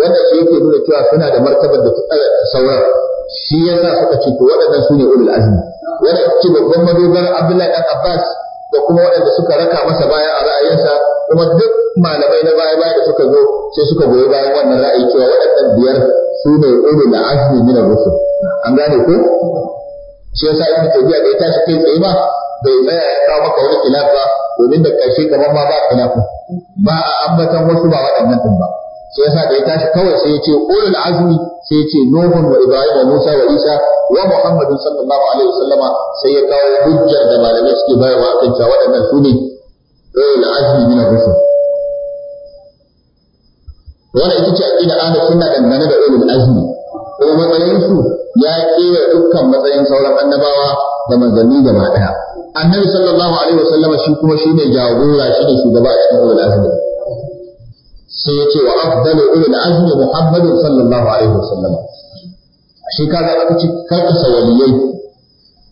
wanda shi yake nuna cewa suna da martabar da ta sauran shi yasa suka ce to waɗannan sune ulul azmi wanda ce babban madogarar Abdullahi dan Abbas da kuma waɗanda suka raka masa baya a ra'ayinsa kuma duk malamai na baya baya da suka zo sai suka goyi bayan wannan ra'ayi cewa waɗannan biyar su ne ulul azmi min ar-rusul an gane ko shi yasa ibn tabiya bai tashi kai tsaye ba bai tsaya ya kawo maka wani khilaf ba domin da karshe kamar ma ba khilaf ba a ambatan wasu ba waɗannan din ba shi yasa da ya tashi kawai sai ya ce ulul azmi sai ya ce nuhun wa ibrahim wa musa wa isa wa muhammad sallallahu alaihi wasallama sai ya kawo hujjar da malamai suke bayarwa kan cewa waɗannan su ne ulul azmi min ar-rusul wannan ita ce aqida ahlus sunna dangane da ulul azmi ko matsayin su ya kera dukkan matsayin sauran annabawa da manzanni gaba daya annabi sallallahu alaihi wasallama shi kuma shi ne jagora shi ne shugaba a cikin ulul azmi sai ya ce wa afdalu ulul azmi Muhammadu sallallahu alaihi wasallam shi kaga aka ci karka sawaliyai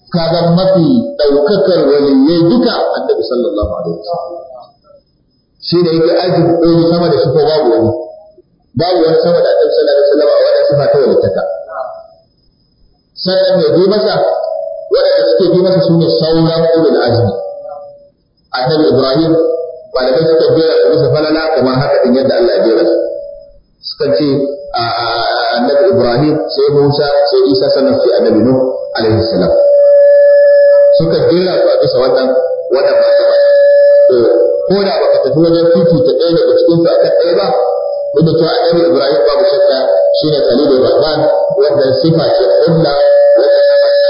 kaga mafi daukakar waliyai duka annabi sallallahu alaihi wasallam shi ne yake ajin koyi sama da shi ko babu wani babu wani sama da annabi sallallahu alaihi wasallam a wannan sifa ta walittaka sannan mai bi masa waɗanda suke bi masa su ne sauran ulul azmi annabi ibrahim malamai suka jera su bisa falala kamar haka din yadda Allah ya jera su suka ce annabi ibrahim sai musa sai isa sannan sai annabi nuh alaihi salam suka jera su a bisa wannan wannan ba ko da baka tafi wajen fifita ɗaya daga cikin su akan ɗaya ba duk da cewa ibrahim babu shakka shine khalilur rahman wanda sifa ce kunna wannan sifa ce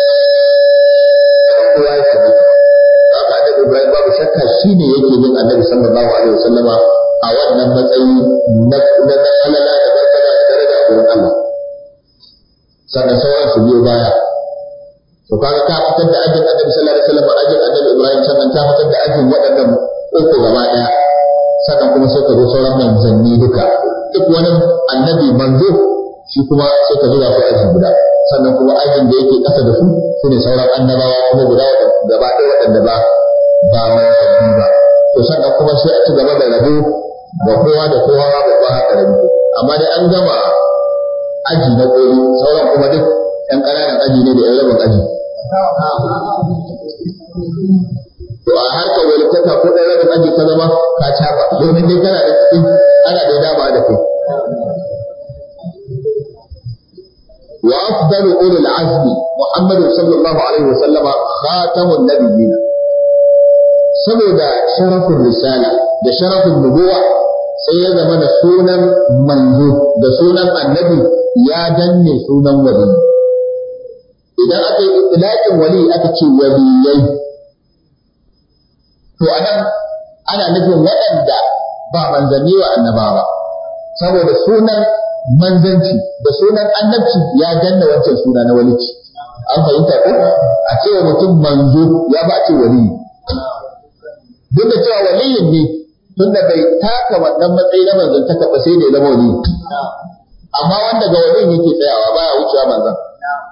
kowa ya sabu haka annabi ibrahim babu shakka shine yake bin annabi sallallahu alaihi wasallama a wannan matsayi na na halala da barkada da daraja gurin Allah sannan sauran su biyo baya to kaga ka fitar da ajin annabi sallallahu alaihi wasallam ajin annabi ibrahim sannan ka fitar da ajin waɗannan uku gaba daya sannan kuma sai ka zo sauran manzanni duka duk wani annabi manzo shi kuma sai ka zuba su ajin guda sannan kuma ajin da yake ƙasa da su su ne sauran annabawa kuma guda gaba ɗaya waɗanda ba ba manzanni ba to sannan kuma sai a ci gaba da rabo ga kowa da kowa ba babba haka rabi amma dai an gama aji na ƙoli sauran kuma duk ɗan ƙananan aji ne da ƴan rabin aji to a harkar walittaka ko ɗan rashin aji ka zama ka caba domin dai kana da cikin ana da dama da kai wa afdalu ulul azmi muhammad sallallahu alaihi wasallama khatamun nabiyyin saboda sharafin risala da sharafin nubuwa sai ya zama da sunan manzo da sunan annabi ya danne sunan wali idan aka yi wali aka ce waliyai to anan ana nufin waɗanda ba manzanni wa ba, saboda sunan manzanci da sunan annabci ya danna wancan suna na walici an fahimta ko a cewa mutum manzo ya ba ce wali duk da cewa waliyin ne tun da bai taka wannan matsayi na manzantaka ba sai da ya zama wali amma wanda ga waliyin yake tsayawa baya wucewa manzan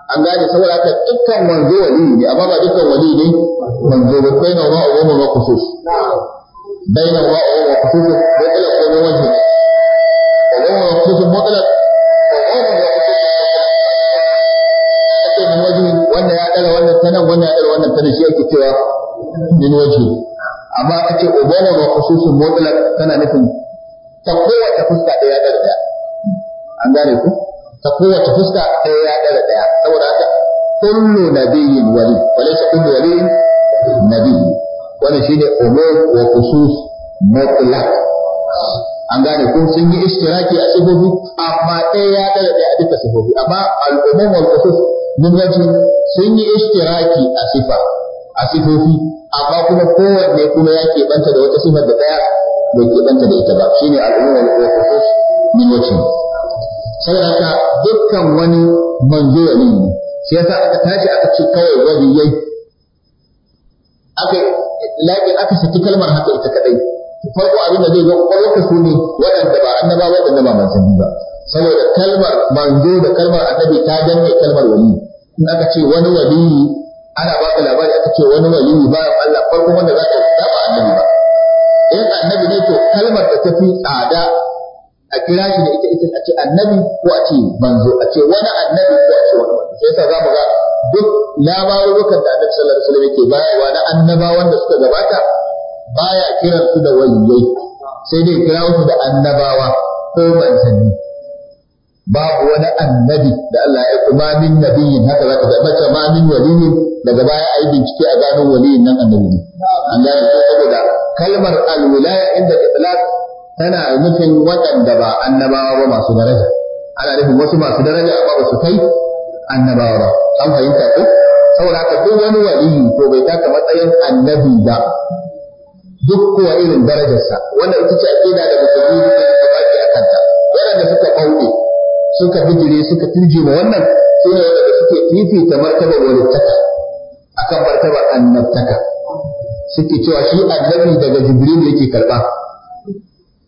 an gane saboda haka dukkan manzo wali ne amma ba dukkan wali ne manzo ba kai na wa umma wa kusus bayna wa umma wa kusus da ila ko ne wajhi kusus wa khusus wani wannan ya ɗara wannan ta nan wannan ya ɗara wannan ta nan shi yake cewa min waje amma ake ce ubama wa khususun mutlaq tana nufin ta kowace fuska ɗaya ɗara ɗaya an gane ku ta kowace fuska sai ya ɗara ɗaya saboda haka kullu nabiyyin wali walaysa kullu waliyin nabiyyi Wani shine umur wa khusus mutlaq an gane kun sun yi ishtiraki a sifofi amma ɗaya ya ɗara ɗaya a duka sifofi amma al'umum wa khusus mun yace sun yi ishtiraki a sifa a sifofi amma kuma kowanne kuma ya keɓanta da wata sifar da ɗaya bai keɓanta da ita ba shine al'umum wal khusus min wajhi saboda dukkan wani manzo ya ne sai yasa aka tashi aka ci kawai yayi aka laƙi aka saki kalmar haka ita kadai farko abin da zai zo kwakwalwarka su ne waɗanda ba annaba waɗanda ba manzanni ba saboda kalmar manzo da kalmar annabi ta danne kalmar wali in aka ce wani wali ana baka labari aka ce wani wali ba Allah farko wanda za ka saba annabi ba in annabi ne to kalmar da ta fi tsada a kira shi da ita ita a ce annabi ko a ce manzo a ce wani annabi ko a ce wani manzo sai yasa zamu ga duk labarukan da annabi sallallahu alaihi wasallam yake bayarwa na annabawan da suka gabata baya kira su da waliyai sai dai kira su da annabawa ko manzanni babu wani annabi da Allah ya kuma min nabiyin haka zaka ga mace ma min waliyin daga baya ai bincike a gano waliyin nan annabi ne an gane saboda kalmar alwilaya inda itlaq tana nufin waɗanda ba annabawa ba masu daraja ana nufin wasu masu daraja ba ba su kai annabawa ba an fahimta ko saboda haka duk wani waliyi to bai taka matsayin annabi ba duk kuwa irin darajarsa wannan ita ce aqida da musulmi da suka baki a kanta waɗanda suka bauɗe suka bijire suka turje ma wannan su ne waɗanda suke fifita martabar walittaka akan martabar annabtaka suke cewa shi annabi daga jibril yake karɓa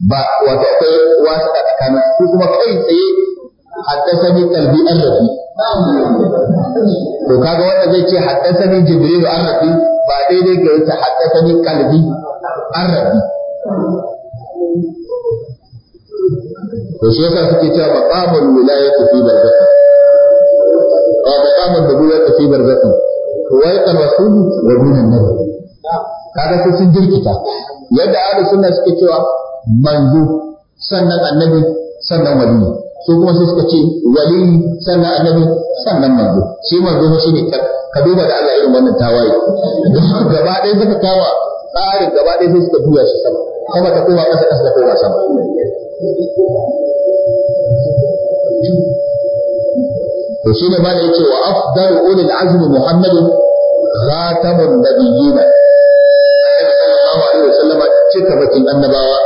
ba wato akwai a tsakanin Su kuma kai tsaye haddasani kalbi an rafi to kaga wanda zai ce haddasani Jibrilu an rafi ba daidai ga yace haddasani kalbi an rafi to shi yasa suke cewa maqamul wilayati fi barzakh wa maqamul nubuwati fi barzakh wai yaqal rasul wa min an-nabi kaga sai sun jirkita yadda ahlus sunna suke cewa manzo sannan annabi sannan wali su kuma sai suka ce wali sannan annabi sannan manzo shi manzo shi ne ka duba da Allah irin wannan tawaye gaba ɗaya suka kawa tsarin gaba ɗaya sai suka juya shi sama kuma ta kowa ƙasa ƙasa ta kowa sama to shi ne malai ce wa afdalu ulil azmi muhammadin khatamun nabiyina annabi sallallahu alaihi wasallama cika bakin annabawa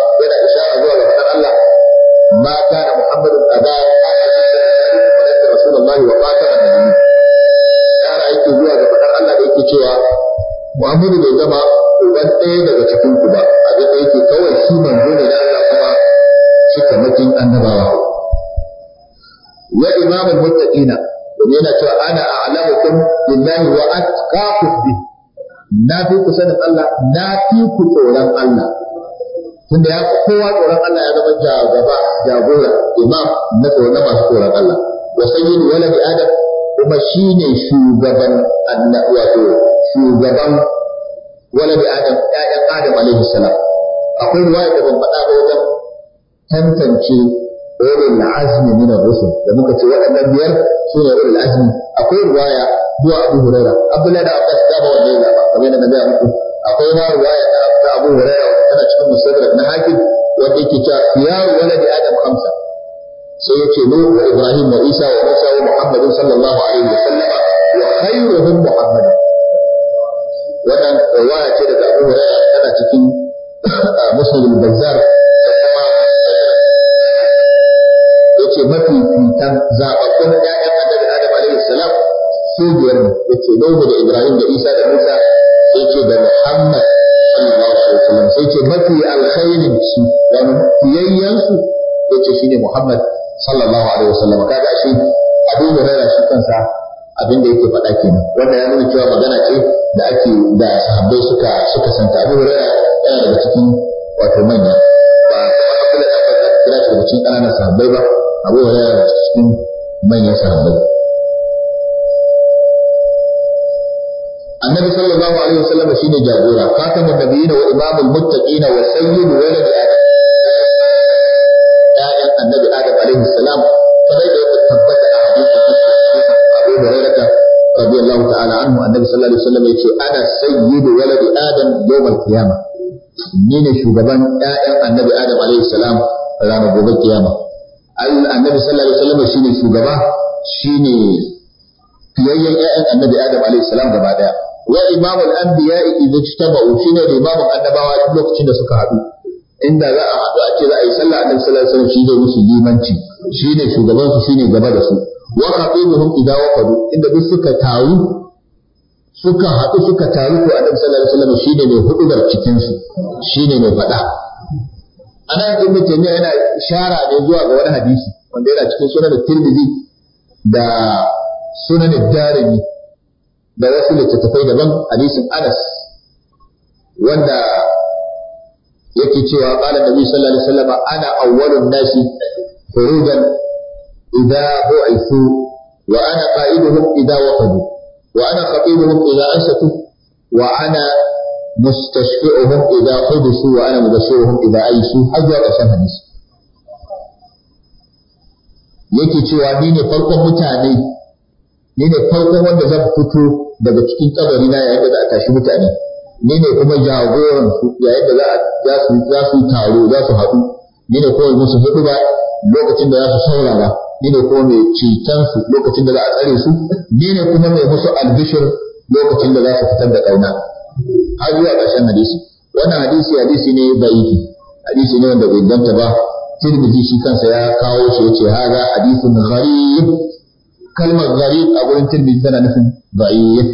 Muhammadu bai zama uban ɗaya daga cikin ku ba abin ɗaya yake kawai shi manzo ne da Allah kuma shi mutum annabawa ya imamul muttaqina wani yana cewa ana a'lamukum billahi wa atqakum bi na fi ku sanin Allah na fi ku tsoron Allah tunda ya kowa tsoron Allah ya zama jagaba jagora imam na tsoron masu tsoron Allah wa sayyidu walad adam kuma shi ne shugaban Allah wato shugaban walad adam ƴaƴan adam alaihi salam akwai ruwaya da ban faɗa ba wajen tantance ulul azmi min ar-rusul da muka ce waɗannan biyar su ne ulul azmi akwai ruwaya zuwa Abu Hurairah Abdullahi da Abbas da ba wannan ba kamar yadda na ga muku akwai ma ruwaya ta Abu Hurairah tana cikin musadrak na hakim wanda yake cewa fiyaru walad adam khamsa sai yake Nuhu Ibrahim wa Isa wa Musa wa Muhammad wannan riwaya ce daga Abu Hurairah tana cikin ah, Muslim Bazzar da kuma yace mafi fitan zababbun ƴaƴan Annabi Adam alaihi salam su biyar ne yace Nuhu da Ibrahim da Isa da Musa sai ce da Muhammad sallallahu alaihi wasallam sai ce mafi alkhairin su wani fiyayyen su yace shine Muhammad sallallahu alaihi wasallam kaga shi Abu Hurairah shi kansa abin da yake faɗa ke nan, wanda ya nuna cewa magana ce da ake da sahabbai suka suka santa Abu Hurairah yana daga cikin wato manya ba kamar Abdullah ibn Abbas kira shi daga cikin ƙananan sahabbai ba Abu Hurairah daga cikin manyan sahabbai Annabi sallallahu alaihi wasallam shine jagora khatamun nabiyina wa imamul muttaqina wa sayyidu walad adam ya'yan annabi adam alaihi salam kamar da ya tabbata a hadisin Abi Hurairah radiyallahu ta'ala anhu annabi sallallahu alaihi wasallam yace ana sayyidu waladi adam yawmal qiyamah ni ne shugaban ƴaƴan annabi adam alaihi salam ranar gobe kiyama annabi sallallahu alaihi wasallam shine shugaba shine fiyayyen ƴaƴan annabi adam alaihi salam gaba daya wa imamul anbiya idan tabau shine da imamun annabawa duk lokacin da suka haɗu inda za a haɗu a za a yi sallah annabi sallallahu alaihi wasallam shi zai musu limanci shine shugaban su ne gaba da su wa khatibuhum idza waqadu inda duk suka taru suka haɗu suka taru ko annabi sallallahu alaihi wasallam shine mai hudubar cikin su shine mai faɗa ana ibn taymiya yana shara ne zuwa ga wani hadisi wanda yana cikin sunan tirmidhi da sunan darimi da wasu littattafai daban hadisin anas wanda yake cewa qala nabi sallallahu alaihi wasallam ana awwalun nasi khurujan إذا بعثوا وأنا قائدهم إذا وقدوا وأنا خطيبهم إذا أنشطوا وأنا مستشفئهم إذا حدثوا وأنا مبشرهم إذا أيسوا حجوا قسم حديث yake cewa ni ne farkon mutane ni ne farkon wanda zan fito daga cikin kabari na yayin da za a tashi mutane ni ne kuma jagoran su yayin da za su za su taro za su haɗu ni ne kawai musu hudu ba lokacin da za su saurara ni ne kuma mai ceton su lokacin da za a tsare su ni ne kuma mai musu albishir lokacin da za su fitar da kauna har zuwa ƙarshen hadisi wannan hadisi hadisi ne da'ifi hadisi ne wanda bai danta ba tirmidhi shi kansa ya kawo shi yace haza hadisin gharib kalmar gharib a gurin tirmidhi tana nufin yi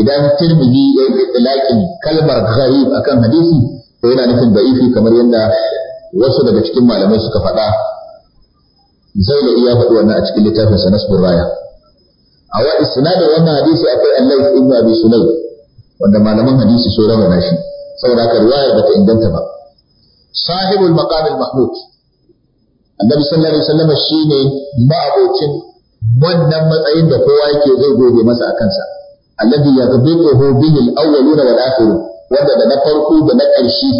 idan tirmidhi ya yi itlaqin kalmar gharib akan hadisi to yana nufin yi kamar yadda wasu daga cikin malamai suka faɗa zailai iya faɗi wannan a cikin littafin sa nasbur raya a wa isnadin wannan hadisi akwai Allah ibn Abi Sulaym wanda malaman hadisi so na shi saboda ka riwaya ta inganta ba sahibul maqam al mahmud annabi sallallahu alaihi wasallam shine ma'abocin wannan matsayin da kowa yake zai gode masa a kansa alladhi yadbiquhu bihi al awwaluna wal akhirun wanda da na farko da na ƙarshe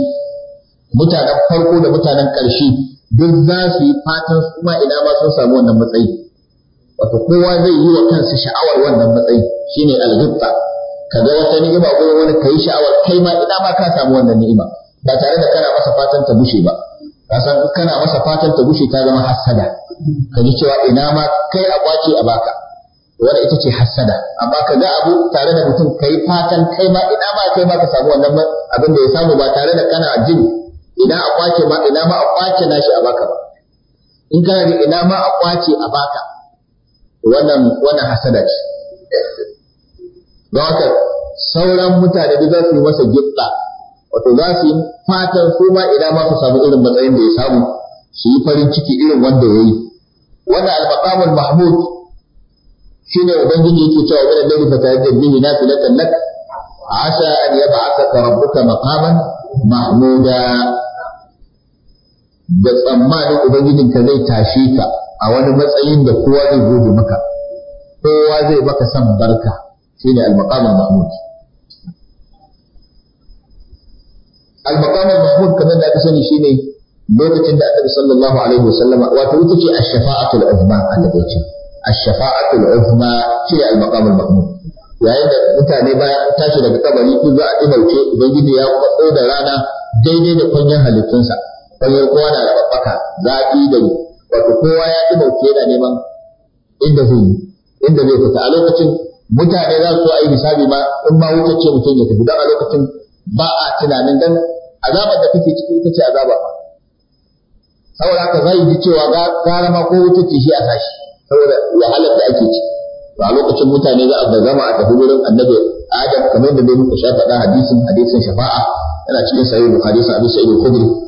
mutanen farko da mutanen ƙarshe duk za su yi fatan su kuma ina ma sun samu wannan matsayi wato kowa zai yi wa kansa sha'awar wannan matsayi shine alghibta kaga wata ni'ima ko wani kai sha'awar kai ma ina ma ka samu wannan ni'ima ba tare da kana masa fatan ta bushe ba ka san kana masa fatan ta bushe ta zama hassada ka ji cewa ina ma kai a kwace a baka wanda ita ce hassada amma ka ga abu tare da mutum kai fatan kai ma ina ma kai ma ka samu wannan abin da ya samu ba tare da kana jin ina a kwace ba ina ma a kwace nashi a baka ba in kana da ina ma a kwace a baka wannan wannan hasada ce don haka sauran mutane da za su yi masa gitsa wato za su yi fatan su ma ina ma su samu irin matsayin da ya samu su yi farin ciki irin wanda ya yi wannan al-maqamul mahmud shine ubangiji yake cewa wannan da fa tayyib bihi nafilatan lak asa an yab'athaka rabbuka maqaman mahmuda da tsammanin ubangijinka zai tashe ka a wani matsayin da kowa zai goge maka kowa zai maka san barka shine ne maqamul mahmud al mahmud kamar da aka sani shi ne lokacin da aka annabi sallallahu alaihi wasallama wato ita ce a shafaatul uzma A ce a shafaatul uzma ce al-maqamul mahmud yayin da mutane bayan tashi daga kabari duk za a ɗauke ubangiji ya kwatso da rana daidai da kunyan halittunsa sanyi kowa na da babbaka zafi da ni. wato kowa ya ci bauke yana neman inda zai yi inda zai fita a lokacin mutane za su ayi misali ma in ma wuce ce mutum ya tafi don a lokacin ba a tunanin dan azabar da kake ciki ita ce azaba ba saboda haka zai ji cewa gara ma ko wuce ce shi a tashi saboda wahalar da ake ciki a lokacin mutane za a bazama a tafi wurin annabi adam kamar da dai muka sha faɗa hadisin hadisin shafa'a yana cikin sahih da sa abu sa'id al-khudri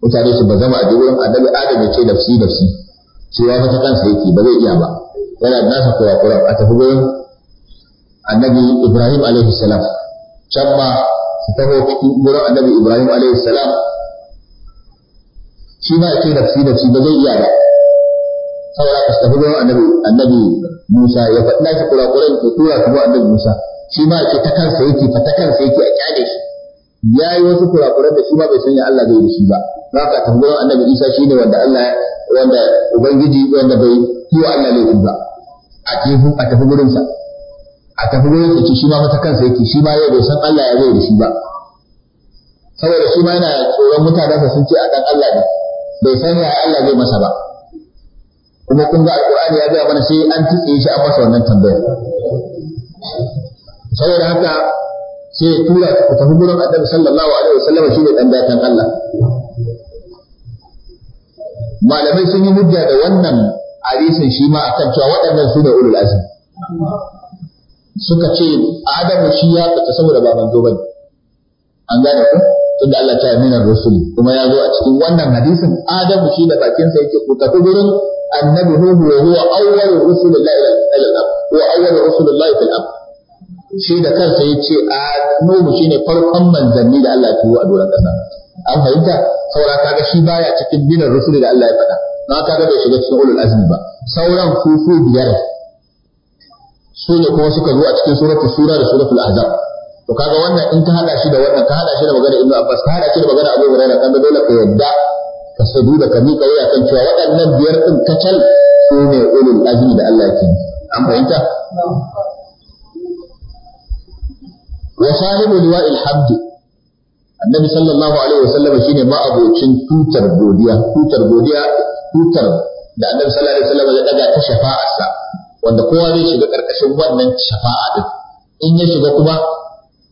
mutane su bazama a wurin annabi adam da ce nafsi nafsi sai ya fata kansa yake ba zai iya ba yana da nasa kura a tafi wurin annabi ibrahim alaihi salam can ma su taho annabi ibrahim alaihi salam shi ma ce nafsi nafsi ba zai iya ba saboda ka tafi annabi annabi musa ya faɗi nasa kura kura tura annabi musa shi ma ce ta kansa yake fa kansa yake a kyale shi ya yi wasu kurakuran da shi ba bai sanya Allah zai da shi ba za ka tambayar annabi Isa shi ne wanda Allah wanda ubangiji wanda bai yi wa Allah laifin ba a tafi a tafi gurinsa a tafi gurinsa ce shi ma mata kansa yake shi ma yau bai san Allah ya zai da shi ba saboda shi ma yana tsoron da sun ce a dan Allah ne bai san ya Allah zai masa ba kuma kun ga alqur'ani ya ga mana sai an tutse shi a masa wannan tambayar saboda haka sai tura ku tafi gurin annabi sallallahu alaihi wasallam shi ne dan gatan Allah malamai sun yi hujja da wannan hadisin shi ma akan cewa waɗannan su ne ulul azmi suka ce Adamu shi ya fita saboda ba manzo bane an gane ku tunda Allah ta amina rasul kuma ya zo a cikin wannan hadisin Adamu shi da bakin bakinsa yake ku tafi gurin annabi Nuhu wa huwa awwalur rusulillahi ila al-ab wa awwalur rusulillahi fil ab shi da kansa ya ce a Nuhu shine farkon manzanni da Allah ya turo a doron ƙasa an fahimta saura kaga shi baya cikin dinar rusuli da Allah ya faɗa na kaga bai shiga cikin ulul azmi ba sauran fufu biyar su ne kuma suka zo a cikin suratul sura da suratul ahzab to kaga wannan in ka hada shi da wannan ka hada shi da magana Ibn Abbas ka hada shi da magana Abu Hurairah kan dole ka yadda ka sadu da ka miƙa wuya kan cewa waɗannan biyar din kacal su ne ulul azmi da Allah ya an fahimta wa sahibu liwa'il hamd annabi sallallahu alaihi wasallam shine ma abocin tutar godiya tutar godiya tutar da annabi sallallahu alaihi wasallam ya daga ta shafa'arsa wanda kowa zai shiga karkashin wannan shafa'a din in ya shiga kuma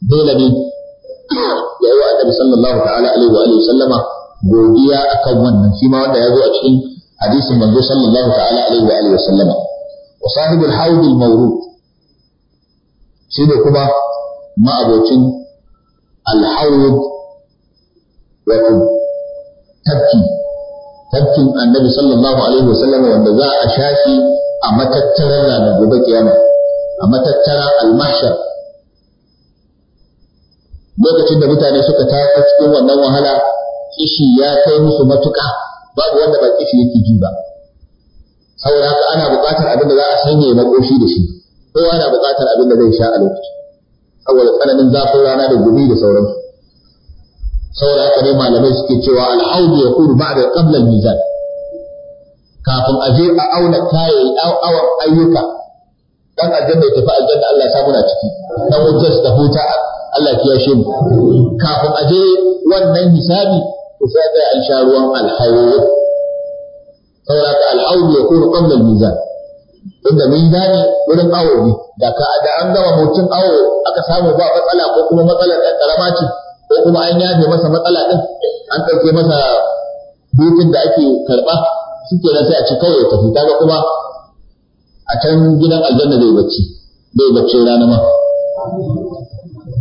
dole ne ya yi wa annabi sallallahu ta'ala alaihi wa alihi sallama godiya akan wannan shi ma wanda ya zo a cikin hadisin manzo sallallahu ta'ala alaihi wa alihi sallama wa sahibul hawd al mawrud shi ne kuma ma'abocin alhawud wato tafki tafkin annabi sallallahu alaihi wasallam wanda za a shashi a matattarar ranar gobe kiyama a matattara almahshar lokacin da mutane suka tafi cikin wannan wahala kishi ya kai musu matuƙa babu wanda ba kishi yake ji ba saboda haka ana buƙatar abin da za a sanya ya makoshi da shi kowa na buƙatar abin da zai sha a lokacin saboda tsananin zafin rana da gumi da sauransu saboda haka ne malamai suke cewa al'audu ya kuru ba'da ƙablan mizan kafin a je a auna kayayi awan ayyuka dan aljanna ya tafi aljanna Allah ya samu na ciki dan wajen ta huta Allah ya kiyashe mu kafin a je wannan hisabi ku sai da an sha ruwan alhawo saboda haka al'audu ya kuru ƙablan mizan inda mizani wurin awo ne da ka da an gama hutun awo aka samu ba matsala ko kuma matsalar ɗan ƙarama ce ko kuma an yaje masa matsala ɗin an ɗauke masa hutun da ake karɓa suke nan sai a ci kawai ta fita kaga kuma a can gidan aljanna zai bacci zai bacci rana ma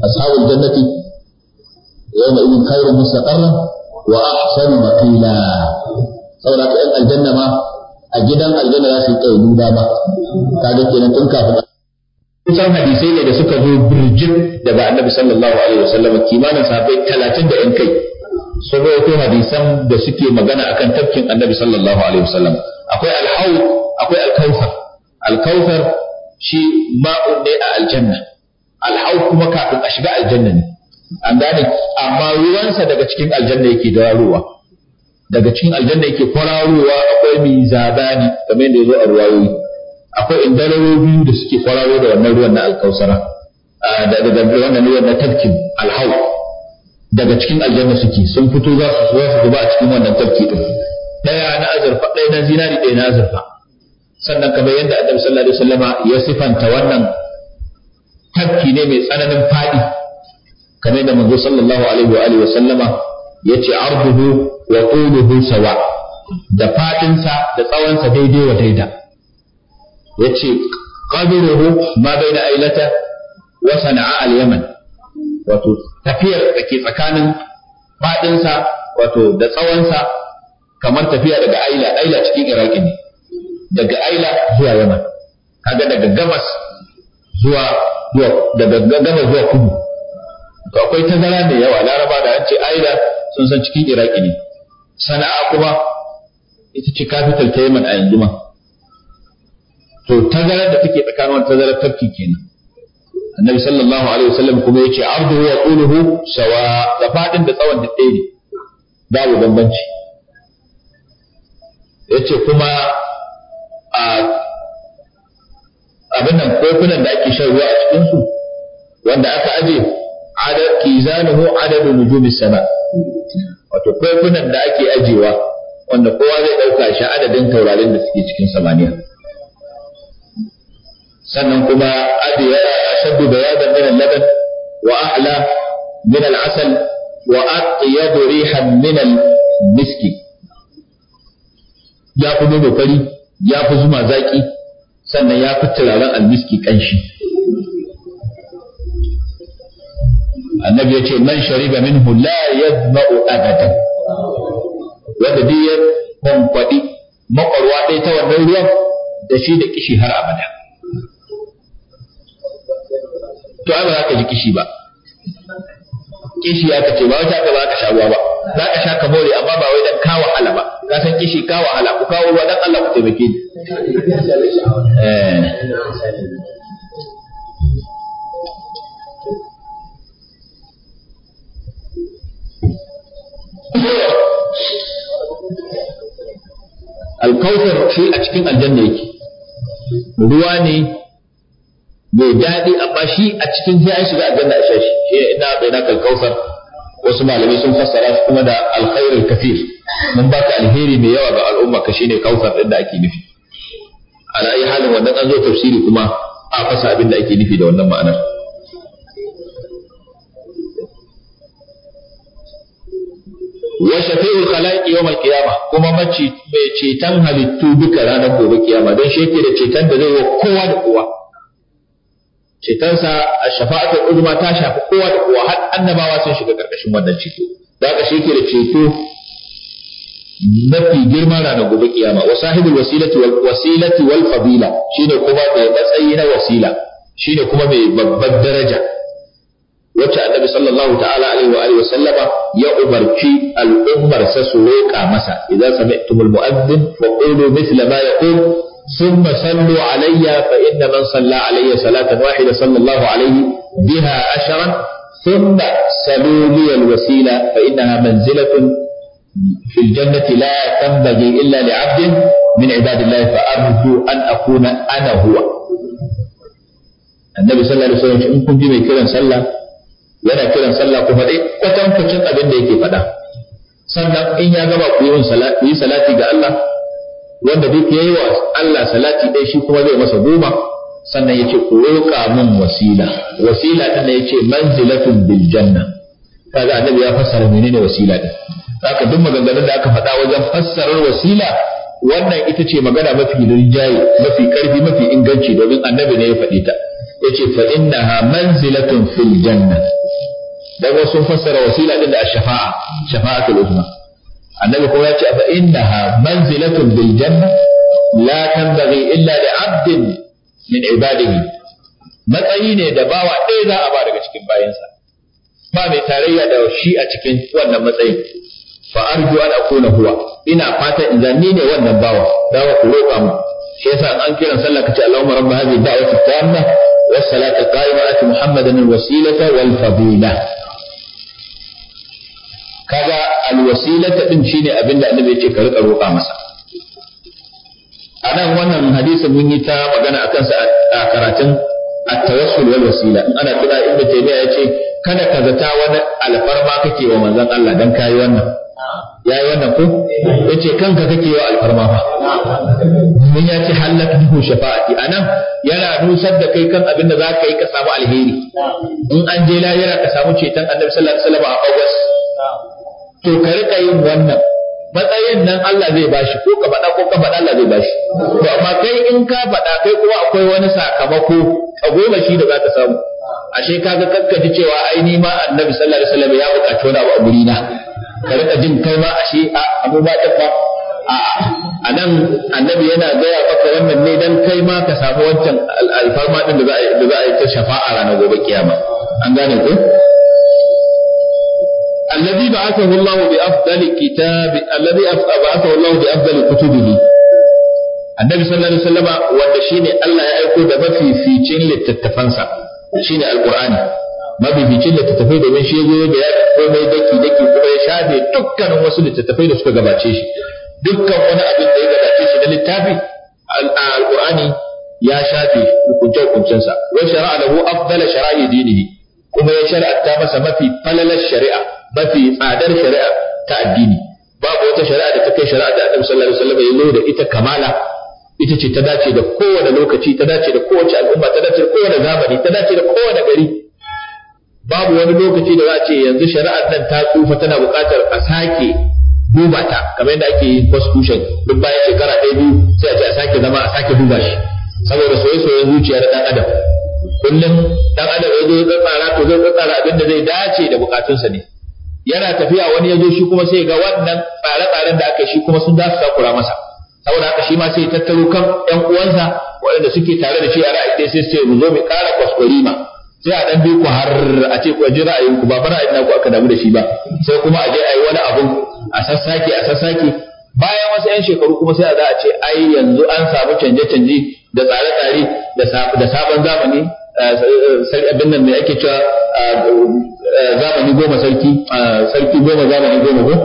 ashabul jannati yawma idin khairun mustaqarran wa ahsanu maqila saboda ka yan aljanna ma a gidan aljanna za su yi ba. Ka kaga kenan tun kafin kusan hadisai ne da suka zo birjin daga annabi sallallahu alaihi wasallam kimanin sahabbai talatin da yan kai sun rawaito hadisan da suke magana akan tafkin annabi sallallahu alaihi wasallam akwai alhaut akwai alkauthar alkauthar shi ma'un ne a aljanna alhaut kuma kafin a shiga aljanna ne an gane amma ruwansa daga cikin aljanna yake dawowa daga cikin aljanna yake kwararowa akwai mizabani kamar yadda yazo a ruwayoyi akwai indalaro biyu da suke kwararo da wannan ruwan na alkausara da daga wannan ruwan na tafkin alhau daga cikin aljanna suke sun fito za su zo su zuba a cikin wannan tafki din daya na azurfa daya na zinari daya na azurfa sannan kamar yadda annabi sallallahu alaihi wasallama ya sifanta wannan tafki ne mai tsananin fadi kamar da manzo sallallahu alaihi wa alihi wasallama yace arduhu wa quluhu sawa da fadinsa da tsawonsa daidai wa daida yace qadiruhu ma baina ailata wa sana'a al-yaman wato tafiyar da ke tsakanin fadinsa wato da tsawonsa kamar tafiya daga aila aila cikin iraki ne daga aila zuwa yaman kaga daga gabas zuwa daga gabas zuwa kudu to akwai tazara mai yawa laraba da an ce aila sun san cikin iraki ne sana'a kuma ita ce capital ta yaman a yanzu ma to tazarar da take tsakanin wani tazarar tafki kenan annabi sallallahu alaihi wasallam kuma yace arduhu wa quluhu sawa da fadin da tsawon da ɗaya ne babu bambanci yace kuma a abin nan kofunan da ake shan ruwa a cikin su wanda aka aje adad kizanuhu adadu nujumis sama wato kofunan da ake ajewa wanda kowa zai ɗauka shi adadin taurarin da suke cikin samaniya sannan kuma adiya ashaddu bayadan min al-laban wa ahla min al-asal wa atyab rihan min al-miski ya fi dodo fari ya fi zuma zaki sannan ya fi turaren almiski kanshi annabi ya ce man shariba minhu la yadma'u abadan wanda duk ya kwamfadi makwarwa ɗaya ta wannan ruwan da shi da kishi har abada to ai ba za ka ji kishi ba kishi ya kace ba wata ka ba ka sha ba za ka sha ka more amma ba wai dan ka wahala ba ka san kishi ka wahala ku kawo ruwa dan Allah ku taimake ni eh alkausar shi a cikin aljanna yake ruwa ne mai daɗi amma shi a cikin sai an shiga aljanna a shashi shi ina bai na kalkausar wasu malamai sun fassara shi kuma da alkhairul kafir mun baka alheri mai yawa ga al'umma ka shine kausar din da ake nufi ala ayi halin wannan an zo tafsiri kuma a fasa abin da ake nufi da wannan ma'anar wa shafi'ul khalaqi yawm al-qiyama kuma mace mai ceton halittu duka ranar gobe kiyama don shi yake da zai yi kowa da kowa cetonsa a shafa'atul uzma ta shafi kowa da kowa har annabawa sun shiga karkashin wannan ceto da haka shi yake da ceto mafi girma ranar gobe kiyama wa shine kuma mai matsayi na wasila shine kuma mai babbar daraja wacce annabi sallallahu ta'ala alaihi wa alihi sallama ya umarci al'ummar sa su roƙa masa idan sami'tumul mu'adhdhin wa qulu mithla ma yaqul thumma sallu alayya fa inna man salla alayya salatan wahida sallallahu alayhi biha asharan ثم سلوا لي الوسيلة فإنها منزلة في الجنة لا تنبغي إلا لعبد من عباد الله فأرجو أن أكون أنا هو النبي صلى الله عليه وسلم إن كنت mai kiran sallah. yana kiran sallah ku faɗi kwatankwacin abin da yake faɗa sannan in ya gama ku yi salati ga Allah wanda duk yayi wa Allah salati ɗaya shi kuma zai masa goma sannan ya ce roƙa min wasila wasila din yace manzilatun bil janna kaga annabi ya fassara menene wasila din haka duk maganganun da aka faɗa wajen fassarar wasila wannan ita ce magana mafi rinjaye mafi karfi mafi inganci domin annabi ne ya faɗi ta yace fa innaha manzilatun fil janna dan wasu fassara wasila din da shafa'a shafa'atul uzma annabi kuma ya ce fa innaha manzilatun bil janna la tanbaghi illa li 'abdin min ibadihi matsayi ne da bawa ɗaya za a ba daga cikin bayansa ba mai tarayya da shi a cikin wannan matsayin fa arju an akuna huwa ina fata in zan ni ne wannan bawa dawa ku roƙa mu shi yasa an kiran sallah kace Allahumma rabb hadhihi da'wati tamma was salati qa'imati muhammadan al wasilata wal fadila kaga alwasilata din shine abin da annabi yake ka riƙa roƙa masa anan wannan hadisin mun yi ta magana akan sa a karatun at-tawassul wal wasila ana tuna inda taymiya yace kada ka zata wani alfarma kake wa manzon Allah dan kai wannan yayi wannan ko yace kanka kake wa alfarma fa mun yace halak duhu shafa'ati anan yana nusar da kai kan abin da zaka yi ka samu alheri in an je lahira ka samu ceton annabi sallallahu alaihi wasallam a kawas to ka riƙa yin wannan matsayin nan Allah zai bashi ko ka faɗa ko ka faɗa Allah zai bashi to amma kai in ka faɗa kai kuma akwai wani sakamako a goma shi da za ka samu ashe kaga kakkaji cewa ai ni ma annabi sallallahu alaihi wasallam ya buƙaci wani abu a guri na ka riƙa jin kai ma ashe a abu ba ta fa a nan annabi yana gaya maka wannan ne dan kai ma ka samu wancan alfarma din da za a yi ta shafa'a ranar gobe kiyama an gane ko الذي بعثه الله بأفضل كتاب الذي بعثه الله بأفضل كتبه النبي صلى الله عليه وسلم wanda shine Allah ya aiko da mafificin littattafansa shine alqur'ani mafificin littattafai domin shi da ya komai daki daki kuma ya shafe dukkanin wasu littattafai da suka gabace shi dukkan wani abin da ya gabace shi na littafi alqur'ani ya shafe hukunce hukuncensa wa shara'a lahu afdala shara'i dinihi kuma ya shar'anta masa mafi falalar shari'a mafi tsadar shari'a ta addini babu wata shari'a da ta kai shari'a da Annabi sallallahu alaihi wasallam ya zo da ita kamala ita ce ta dace da kowane lokaci ta dace da kowace al'umma ta dace da kowane zamani ta dace da kowane gari babu wani lokaci da za a ce yanzu shari'ar nan ta tsufa tana buƙatar a sake duba ta kamar yadda ake yin constitution duk bayan shekara ɗaya biyu sai a ce a sake zama a sake duba shi saboda soyayya soyayya zuciya na ɗan adam kullum dan adam ya zo ya tsara to zai tsara abin da zai dace da bukatunsa ne yana tafiya wani ya zo shi kuma sai ga wannan tsare-tsaren da aka shi kuma sun za su takura masa saboda haka shi ma sai ya tattaro kan ɗan uwansa waɗanda suke tare da shi a ra'ayi sai sai mu zo mu ƙara kwaskwarima sai a ɗan bi ku har a ce ku ji ra'ayinku ba fa ra'ayin ku aka damu da shi ba sai kuma a je a yi wani abun a sassake a sassake bayan wasu 'yan shekaru kuma sai a za a ce ai yanzu an samu canje-canje da tsare-tsare da sabon zamani abin nan mai ake cewa zamani goma sarki sarki goma zamani goma ko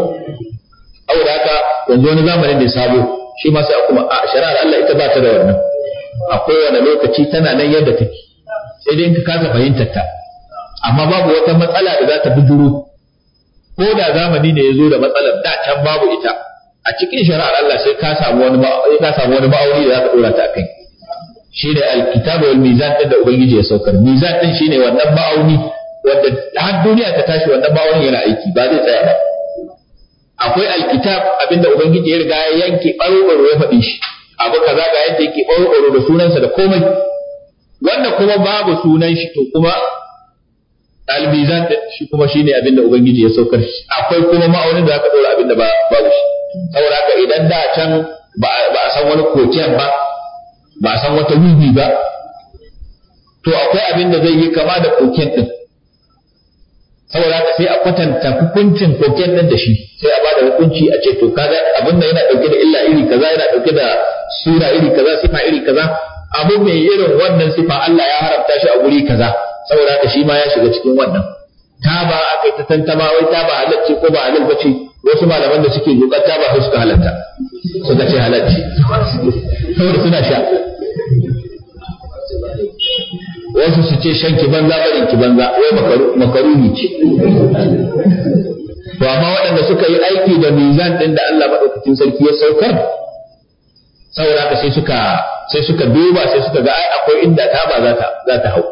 abu da haka yanzu wani zamanin da sabo shi ma sai kuma a shari'ar Allah ita ba ta da wannan a kowane lokaci tana nan yadda take sai dai ka kasa fahimtar ta amma babu wata matsala da za ta bujuro ko da zamani ne ya zo da matsalar da can babu ita a cikin shari'ar Allah sai ka samu wani ka samu wani ma'auni da za ka dora ta kai. shi ne alkitabu wal mizan da ubangiji ya saukar mizan din shine wannan ma'auni wanda har duniya ta tashi wannan ma'aunin yana aiki ba zai tsaya ba akwai alkitab abinda ubangiji ya riga ya yanke ɓaro ya faɗi shi abu kaza ga yadda yake ɓaro da sunansa da komai wanda kuma babu sunan shi to kuma almizan din shi kuma shine abinda ubangiji ya saukar shi akwai kuma ma'aunin da aka ɗora abinda babu shi saboda haka idan da can ba a san wani koken ba ba san wata wiwi ba to akwai abin da zai yi kama da koken din saboda haka sai a kwatanta hukuncin koken din da shi sai a bada hukunci a ce to kaga abin da yana dauke da illa iri kaza yana dauke da sura iri kaza sifa iri kaza abu mai irin wannan sifa Allah ya haramta shi a guri kaza saboda haka shi ma ya shiga cikin wannan ta ba kai ta tantama wai ta ba halacce ko ba halal bace wasu malaman da suke dokar ta ba su suka halatta suka ce halarci. saboda suna sha wasu su ce shan ki banza barin ki banza wai makaruni ce to amma waɗanda suka yi aiki da mizan ɗin da Allah maɗaukakin sarki ya saukar saboda ka sai suka sai suka duba sai suka ga ai akwai inda taba za ta za ta hau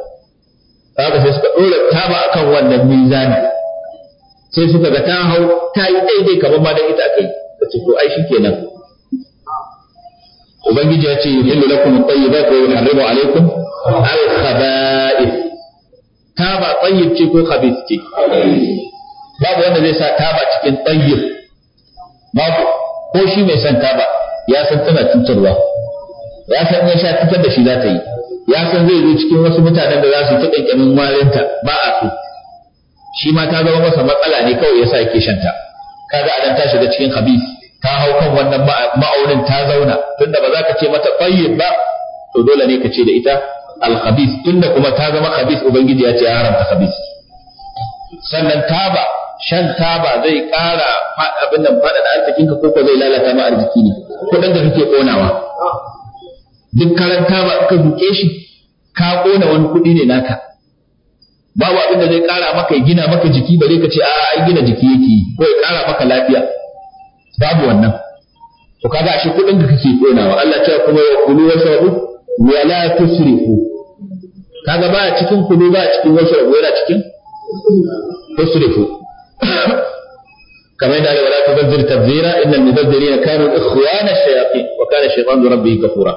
haka sai suka ɗora taba akan wannan mizani sai suka ga ta hau ta yi daidai kamar ma da ita aka yi ta ce to ai shikenan ubangiji ya ce yuhillu lakum at-tayyibat wa yuharrimu alaykum al-khaba'ith taba tayyib ce ko khabith ce babu wanda zai sa taba cikin tayyib babu ko shi mai san taba ya san tana cutarwa ya san ya sha cutar da shi za ta yi ya san zai zo cikin wasu mutanen da za su ta kankanin walinta ba a so shi ma ta zama masa matsala ne kawai yasa yake shanta kaga adan ta shiga cikin khabith ta hau kan wannan ma'aunin ta zauna tunda ba za ka ce mata tayyib ba to dole ne ka ce da ita al-khabith tunda kuma ta zama khabith ubangiji ya ce ya haramta khabith sannan taba shan taba zai ƙara abin nan da arzikin ka koko zai lalata ma arziki ne kuɗin da kake konawa duk karan taba ka buke shi ka ƙona wani kuɗi ne naka babu abin da zai ƙara maka gina maka jiki bare ka ce a'a ai gina jiki yake ko ya ƙara maka lafiya babu wannan to kaga shi kudin da kake konawa Allah ta kuma ya kulu wa sha'u wa la tusrifu kaga ba cikin kulu ba cikin wasu rabu yana cikin tusrifu كما يدعى ولا تبذر تبذيرا ان المبذرين كانوا اخوان الشياطين وكان الشيطان لربه كفورا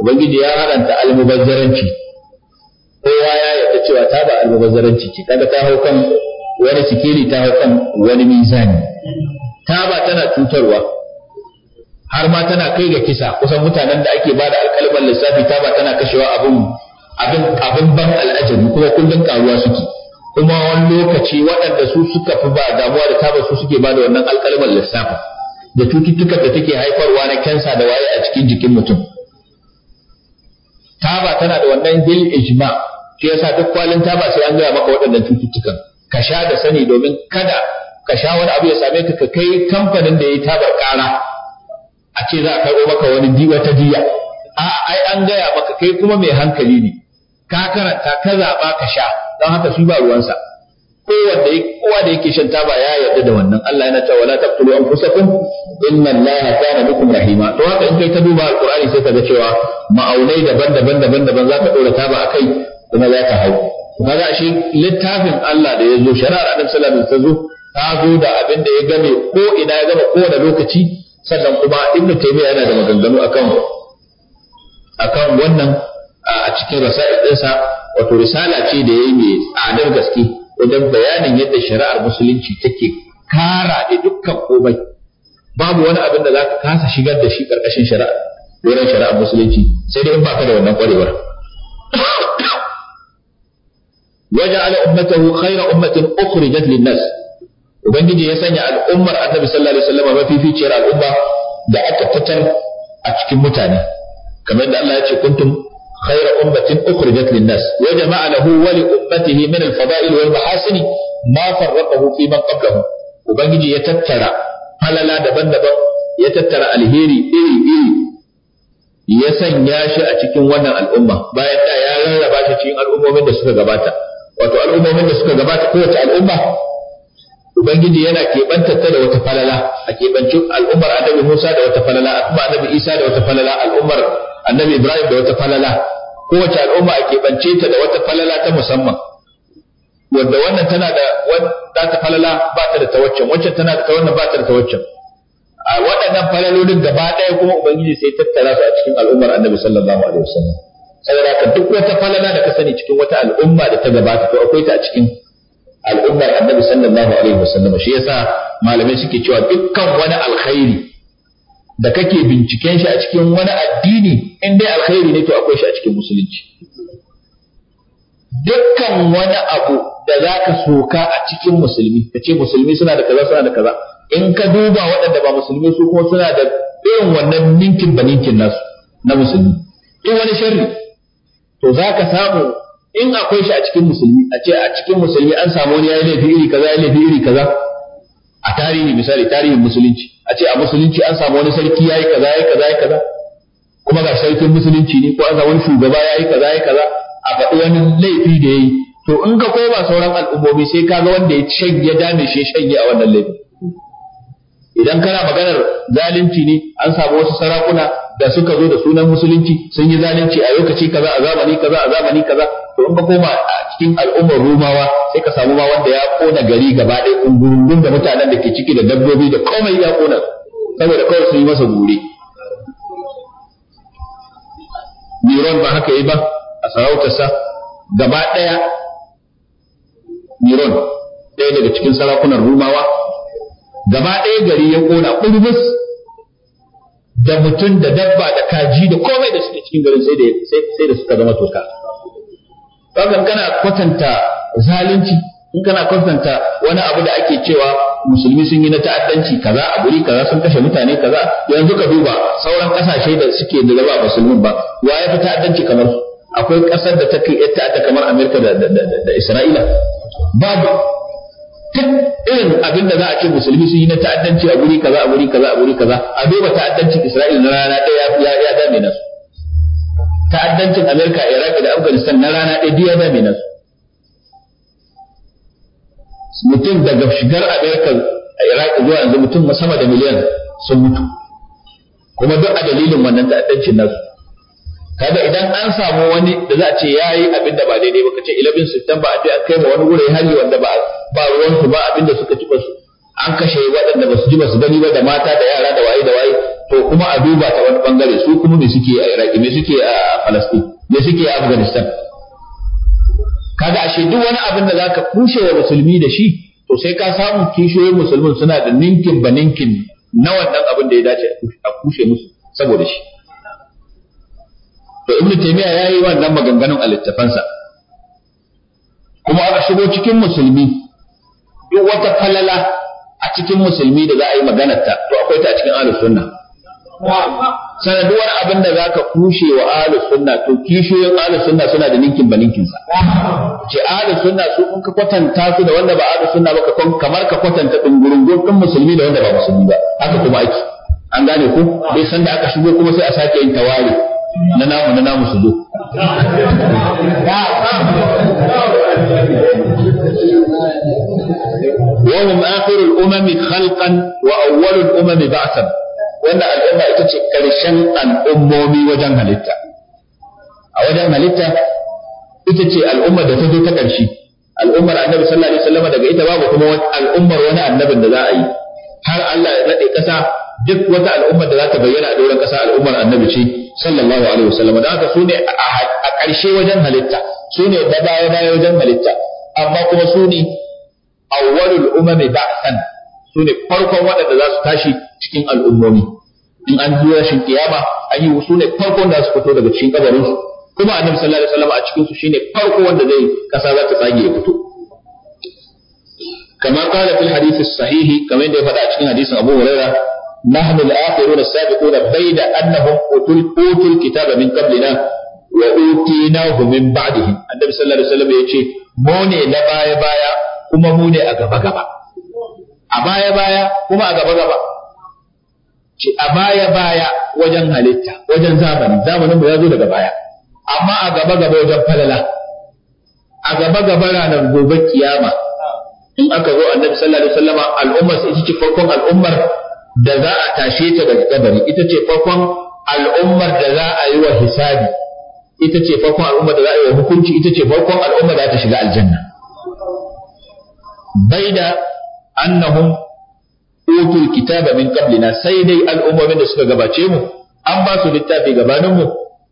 ubangiji ya haranta almubazzaranci kowa ya yarda cewa ta ba almubazzaranci ce kaga ta hau kan wani sikeli ta hau kan wani mizani taba tana cutarwa har ma tana kai ga kisa kusan mutanen da ake ba da alkalman lissafi taba tana kashewa abin abin abin ban al'ajabi kuma kullun karuwa suke kuma wani lokaci waɗanda su suka fi ba damuwa da taba su suke da wannan alkalman lissafi da cututtuka da take haifarwa na kansa da waye a cikin jikin mutum taba tana da wannan bil ijma shi yasa duk kwalin taba sai an gaya maka waɗannan cututtukan ka sha da sani domin kada ka sha wani abu ya same ka kai kamfanin da ya yi tabar kara a ce za a karɓo maka wani diwa jiya. diya a ai an gaya maka kai kuma mai hankali ne ka karanta ka zaɓa ka sha don haka su ba ruwansa kowanne kowa da yake shan taba ya yarda da wannan Allah yana cewa wala taqtulu anfusakum inna Allaha kana bikum rahima to haka in kai ta duba alqur'ani sai ka ga cewa ma'aunai daban-daban daban-daban zaka dora taba akai kuma za ka hau kaga shi littafin Allah da ya zo shari'ar Adam sallallahu alaihi wasallam ta zo da abin da ya game ko ina ya gama kowane lokaci sannan kuma ibnu taymiya yana da maganganu akan akan wannan a cikin rasail ɗinsa wato risala ce da yayi mai tsadar gaske wajen bayanin yadda shari'ar musulunci take kara da dukkan komai babu wani abin da zaka kasa shigar da shi karkashin shari'a wurin shari'ar musulunci sai dai in baka da wannan kwarewar وجعل أمته خير أمة أخرجت للناس ubangiji ya sanya al'ummar annabi sallallahu alaihi wasallam mafificiyar al'umma da aka fitar a cikin mutane kamar da Allah ya ce kuntum khayra ummatin ukhrijat lin-nas wa jama'a lahu wa li ummatihi min al-fada'il wal mahasin ma farraqahu fi man qablahu ubangiji ya tattara halala daban-daban ya tattara alheri iri iri ya sanya shi a cikin wannan al'umma bayan da ya rarraba shi cikin al'ummomin da suka gabata wato al'ummomin da suka gabata kowace al'umma ubangiji yana keɓantarta da wata falala a keɓanci al'ummar annabi Musa da wata falala al'ummar annabi Isa da wata falala al'ummar annabi Ibrahim da wata falala kowace al'umma a keɓance ta da wata falala ta musamman wanda wannan tana da wata falala ba ta da ta waccan waccan tana da ta wannan ba ta da ta waccan a waɗannan falalolin gaba ɗaya kuma ubangiji sai tattara su a cikin al'ummar annabi sallallahu alaihi wasallam saboda duk wata falala da ka sani cikin wata al'umma da ta gabata to akwai ta a cikin al'ummar annabi sallallahu alaihi wasallam shi yasa malamai suke cewa dukkan wani alkhairi da kake binciken shi a cikin wani addini in dai alkhairi ne to akwai shi a cikin musulunci dukkan wani abu da zaka soka a cikin musulmi kace musulmi suna da kaza suna da kaza in ka duba waɗanda ba musulmi su kuma suna da irin wannan ninkin ba ninkin nasu na musulmi in wani sharri to zaka samu in akwai shi a cikin musulmi a ce a cikin musulmi an samu wani yayi laifi iri kaza yayi laifi iri kaza a tarihi misali tarihin musulunci a ce a musulunci an samu wani sarki yayi kaza yayi kaza yayi kaza kuma ga sarkin musulunci ne ko an samu wani shugaba yayi kaza yayi kaza a faɗi wani laifi da yayi to in ka koma sauran al'ummomi sai ka ga wanda ya shan ya dame shi shanye a wannan laifi. idan kana maganar zalunci ne an samu wasu sarakuna da suka zo da sunan musulunci sun yi zalunci a lokaci kaza a zamani kaza a zamani kaza to in ba koma a cikin al'ummar rumawa sai ka samu ma wanda ya kona gari gaba ɗaya kungurungun da mutanen da ke ciki da dabbobi da komai ya kona saboda kawai sun yi masa gure Niron ba haka yi ba a sarautarsa gaba ɗaya Niron ɗaya daga cikin sarakunan rumawa gaba ɗaya gari ya kona ƙurbus da mutum da dabba da kaji da komai da suke cikin garin sai da suka zama toka bakan kana kwatanta zalunci in kana kwatanta wani abu da ake cewa musulmi sun yi na ta'addanci kaza a guri kaza sun kashe mutane kaza yanzu ka duba sauran kasashe da suke da raba musulmin ba wa ya fi ta'addanci kamar akwai kasar da ta kai ta'adda kamar Amurka da Isra'ila babu duk irin abin da za a ce musulmi sun yi na ta'addanci a guri kaza a guri kaza a guri kaza a duba ta'addancin Isra'ila na rana ɗaya ya ya dame nasu ta'addancin Amerika Iraq da Afghanistan na rana ɗaya duk ya dame su. mutum daga shigar Amerika a Iraq zuwa yanzu mutum sama da miliyan sun mutu kuma duk a dalilin wannan ta'addancin nasu kaga idan an samu wani da za a ce yayi abin da ba daidai ba kace 11 September a an kai ma wani gure hali wanda ba ba ruwan su ba abin da suka ci su an kashe waɗanda ba su ji ba su gani ba da mata da yara da waye da waye to kuma a duba ta wani bangare su kuma me suke a Iraki me suke a Palestine me suke a Afghanistan kaga ashe duk wani abin da zaka kushe wa musulmi da shi to sai ka samu kishiyoyin musulmin suna da ninkin baninkin ninkin na wannan abin da ya dace a kushe musu saboda shi to ibnu taymiya yayi wannan maganganun a littafansa kuma aka shigo cikin musulmi duk wata falala a cikin musulmi da za a yi maganarta to akwai ta a cikin ahlus sunna sana duk wani abin da zaka kushe wa ahlus sunna to kishiyoyin ahlus sunna suna da ninkin ba ninkin sa ce ahlus sunna su kun ka kwatanta su da wanda ba ahlus sunna ba ka kamar ka kwatanta dungurungun din musulmi da wanda ba musulmi ba haka kuma ake an gane ku bai san da aka shigo kuma sai a sake yin tawari na namu na namu su zo وهم آخر الأمم خلقا وأول الأمم بعثا wannan al'umma ita ce ƙarshen al'ummomi wajen halitta a wajen halitta ita ce al'ummar da ta zo ta ƙarshe al'ummar annabi sallallahu alaihi wasallam daga ita babu kuma al'ummar wani annabin da za a yi har Allah ya rade ƙasa duk wata al'ummar da za ta bayyana a doron ƙasa al'ummar annabi ce sallallahu alaihi wasallam da haka su ne a ƙarshe wajen halitta su ne da baya baya wajen halitta amma kuma su ne awwalul umami ba'san su ne farkon waɗanda za su tashi cikin al'ummomi in an ji rashin kiyama an yi su ne farkon da su fito daga cikin kabarin su kuma annabi sallallahu alaihi wasallam a cikin su shine farko wanda zai kasa za ta tsage ya fito Kamar كما sahihi في الحديث الصحيح faɗa a cikin حديث أبو هريرة nahnu al-akhiruna as-sabiquna bayda annahum utul utul kitaba min qablina wa utinahu min ba'dihim annabi sallallahu alaihi wasallam yace mu ne na baya baya kuma mu ne a gaba gaba a baya baya kuma a gaba gaba a baya baya wajen halitta wajen zamani zamanin ya zo daga baya amma a gaba gaba wajen falala a gaba gaba ranar gobe kiyama in aka zo annabi al'ummar sai ita al'ummar da za a tashe ta daga kabari ita ce farkon al'ummar da za a yi wa hisabi ita ce farkon al'ummar da za a yi wa hukunci ita ce farkon al'ummar da za ta shiga aljanna Bai baida annahum utul kitaba min qablina sai dai al'ummomin da suka gabace mu an ba su littafi gabanin mu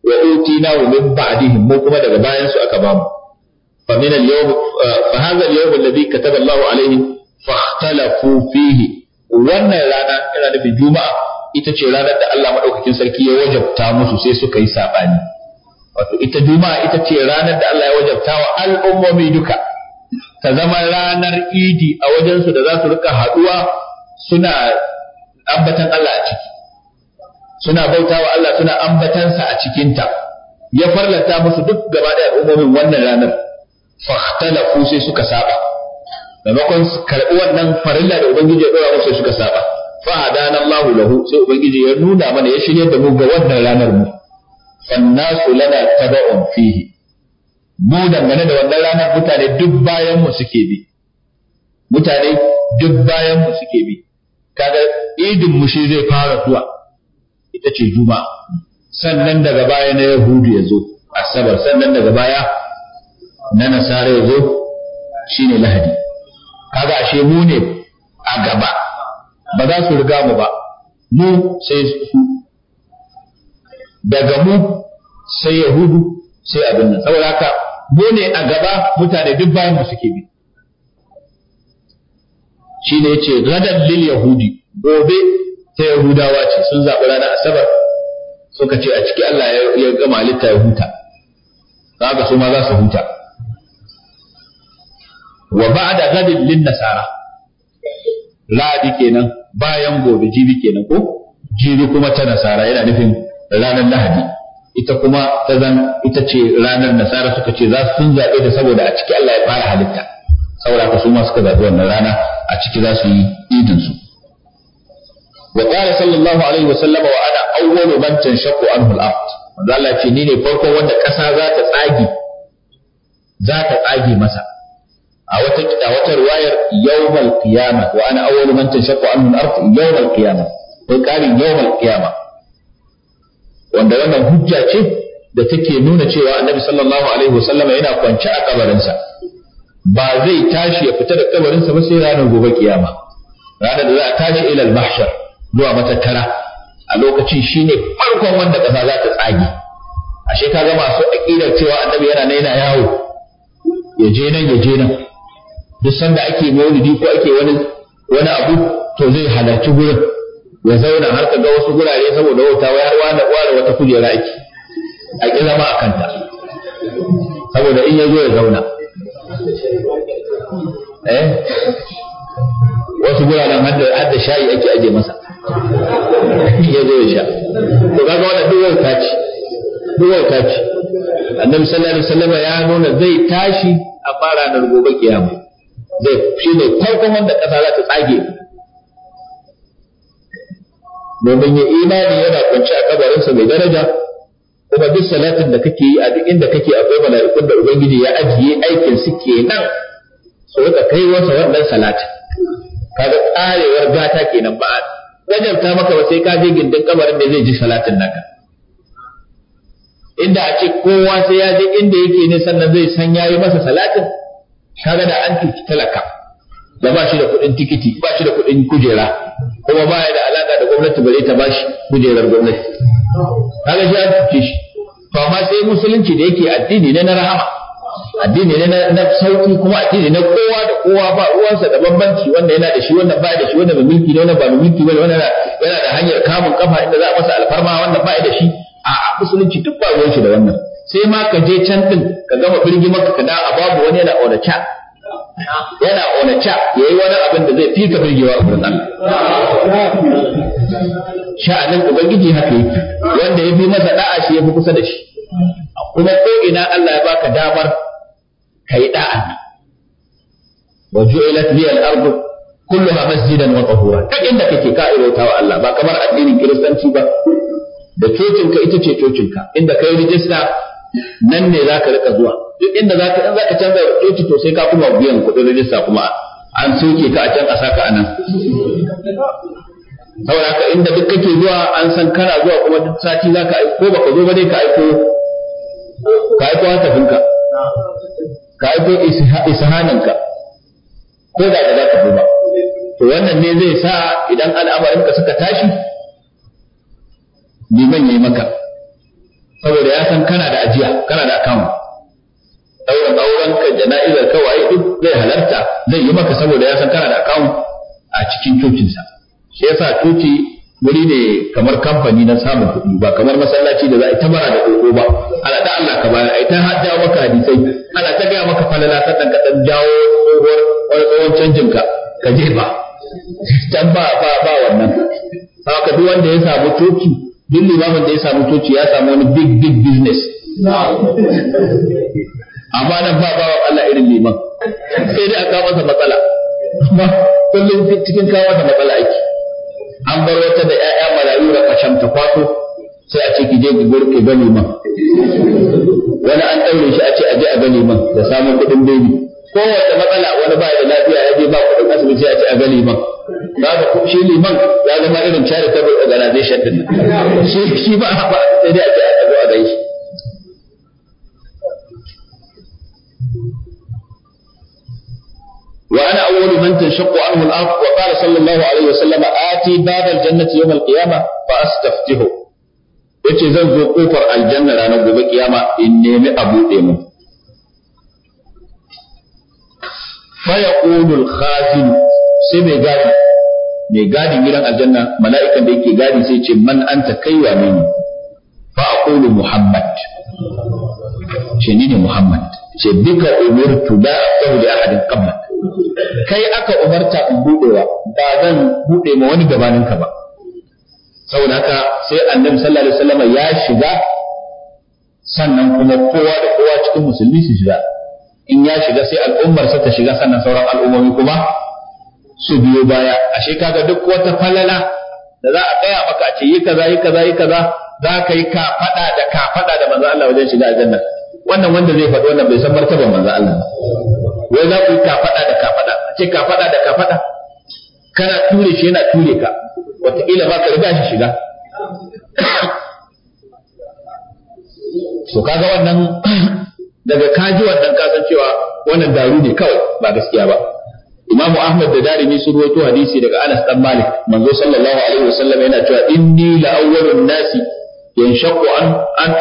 wa utina wa min ba'dihim mu kuma daga bayan su aka ba mu fa min al-yawm fa hadha al-yawm alladhi kataba Allahu alayhi fa ikhtalafu fihi wannan rana yana nufin juma'a ita ce ranar da Allah madaukakin sarki ya wajabta musu sai suka yi sabani wato ita juma'a ita ce ranar da Allah ya wajabta wa al'ummomi duka ta zama ranar idi a wajensu da za su rika haɗuwa suna ambatan Allah a ciki suna bautawa Allah suna ambatansa a cikinta ya farlata musu duk gaba da al'ummomin wannan ranar fahtalafu sai suka saba maimakon karɓi wannan farilla da ubangiji ya dora musu suka saba fa hadana Allah lahu sai ubangiji ya nuna mana ya shirye da mu ga wannan ranar mu fannasu lana taba'un fihi mu dangane da wannan ranar mutane duk bayan mu suke bi mutane duk bayan mu suke bi kaga idin mu shi zai fara zuwa ita ce juma'a sannan daga baya na yahudu ya zo asabar sannan daga baya na nasara ya zo shine lahadi kaga ashe mu ne a gaba ba za su riga mu ba mu sai su daga mu sai yahudu sai abin nan saboda haka mu ne a gaba mutane duk bayan mu suke bi shi ne ce gadar lil yahudi gobe ta yahudawa ce sun zaɓi ranar asabar suka ce a ciki Allah ya gama halitta ya huta za ka su ma za su huta wa ba'da gadin lin nasara ladi kenan bayan gobe jibi kenan ko jibi kuma ta nasara yana nufin ranar lahadi ita kuma ta zan ita ce ranar nasara suka ce za su sun zaɓe da saboda a ciki Allah ya fara halitta saboda haka su ma suka zaɓi wannan rana a ciki za su yi idin su wa qala sallallahu alaihi wa sallama wa ana awwalu man tanshaqu anhu al-ard manzo Allah ce ni ne farko wanda ƙasa za ta tsage za ta tsage masa a wata a wata riwayar yawmal qiyama wa ana awwalu man anhu al-ard yawmal qiyama ko wanda wannan hujja ce da take nuna cewa annabi sallallahu alaihi wasallam yana kwance a kabarinsa ba zai tashi ya fita da kabarinsa ba sai ranar gobe kiyama ranar da za a tashi ila al-mahshar zuwa matattara a lokacin shine farkon wanda kasa za ta tsage ashe ka ga masu aqidar cewa annabi yana nan yana yawo ya je nan ya je nan duk sanda ake maulidi ko ake wani wani abu to zai halarci gurin ya zauna har ka ga wasu gurare saboda wauta wai har wani wani wata kujera ake a ki zama a kanta saboda in ya zo ya zauna eh wasu guraren har da shayi ake aje masa ya zo ya sha to kaga wannan duk wauta ce duk wauta ce annabi sallallahu alaihi wasallam ya nuna zai tashi a fara ranar gobe kiyama zai shi ne farkon wanda ƙasa za ta tsage domin ya imani yana kwanci a kabarinsa mai daraja kuma duk salatin da kake yi a duk inda kake akwai mala'ikun da ubangiji ya ajiye aikin su kenan su rika kai wasa wannan salatin kaga tsarewar gata kenan ba ta maka ba sai ka je gindin kabarin da zai ji salatin naka inda a ce kowa sai ya je inda yake ne sannan zai san yi masa salatin kaga da an cuci talaka da ba shi da kuɗin tikiti ba shi da kuɗin kujera kuma ba ya da alaka da gwamnati bare ta bashi kujerar gwamnati kaga shi an cuce shi to amma sai musulunci da yake addini ne na rahama addini ne na sauki kuma addini na kowa da kowa ba ruwansa da bambanci wanda yana da shi wanda ba da shi wanda mai mulki ne wanda ba mulki bane wanda yana da hanyar kamun kafa inda za a masa alfarma wanda ba da shi a musulunci duk ba ruwansa da wannan sai ma ka je can din ka gama birgi maka ka da a babu wani yana cha. yana cha, yayi wani abin da zai fika birgewa a gurin Allah sha'anin ubangiji haka yi. wanda ya fi masa da'a shi ya fi kusa da shi kuma ko ina Allah ya baka damar kai da'a wa ju'ilat li al ard kulluha masjidan wa tahura duk inda kake ka irota wa Allah ba kamar addinin kiristanci ba da cocinka ita ce cocinka inda kai rijista nan ne za ka rika zuwa duk inda za ka in za ka canza ɗauki to sai ka kuma biyan kuɗin rijista kuma an soke ka a can a saka a nan saboda haka inda duk kake zuwa an san kana zuwa kuma duk sati za ka aiko ko baka zo ba dai ka aiko ka aiko hatafinka ka aiko ka ko da ba za ka zo ba to wannan ne zai sa idan al'amarin ka suka tashi liman ya yi maka saboda ya san kana da ajiya kana da account ɗaurin auren ka jana'izar ka waye duk zai halarta zai yi maka saboda ya san kana da account a cikin cocinsa shi yasa coci wuri ne kamar kamfani na samun kuɗi ba kamar masallaci da za a ta bara da koko ba ala ta Allah ka bayar ai ta hajja maka hadisai ana ta gaya maka falala sannan ka dan jawo tsohuwar wani tsohon canjin ka ka je ba can ba ba ba wannan haka duk wanda ya samu coci duk limamin da ya samu coci ya samu wani big big business amma nan ba bawa Allah irin liman sai dai a kawo masa matsala kullum cikin kawo da matsala ake an bar wata da ƴaƴa marayu da kashamta kwato sai a ce ki je ki gurke ga liman wani an ɗaure shi a ce a je a ga liman da samun kuɗin bebi kowace matsala wani ba da lafiya ya je ba kuɗin asibiti a ce a ga liman da ga ku shi liman ya zama irin charitable organization din shi shi ba ba sai dai a ce a zo a gaishe وأنا أول من تنشق عنه الأرض وقال صلى الله عليه وسلم آتي باب الجنة يوم القيامة فأستفتحه yace zan zo kofar aljanna ranar gobe kiyama in nemi a buɗe mu fa yaqulu al-khazin sai mai gadi mai gadin gidan aljanna mala'ikan da yake gadi sai ce man anta kai wane mini fa aqulu muhammad ce ni ne muhammad ce bika umirtu la aftahu da ahadin qabla. kai aka umarta in budewa ba zan bude ma wani gabanin ka ba saboda haka sai annabi sallallahu alaihi wasallam ya shiga sannan kuma kowa da kowa cikin musulmi su shiga in ya shiga sai al'ummar sa ta shiga sannan sauran al'ummomi kuma su biyo baya ashe kaga duk wata falala da za a tsaya maka a ce yi kaza yi kaza yi kaza za ka yi fada da fada da manzo Allah wajen shiga aljanna wannan wanda zai faɗi wannan bai san martaba manzo Allah wai za ku yi fada da fada a ce fada da fada kana ture shi yana ture ka wataƙila ba ka riga shi shiga So kaga wannan daga kaji wannan kasancewa cewa wannan daru ne kawai ba gaskiya ba Imam Ahmad da Darimi sun rawaito hadisi daga Anas dan Malik manzo sallallahu alaihi wasallam yana cewa inni la awwalun nasi yanshaqu an an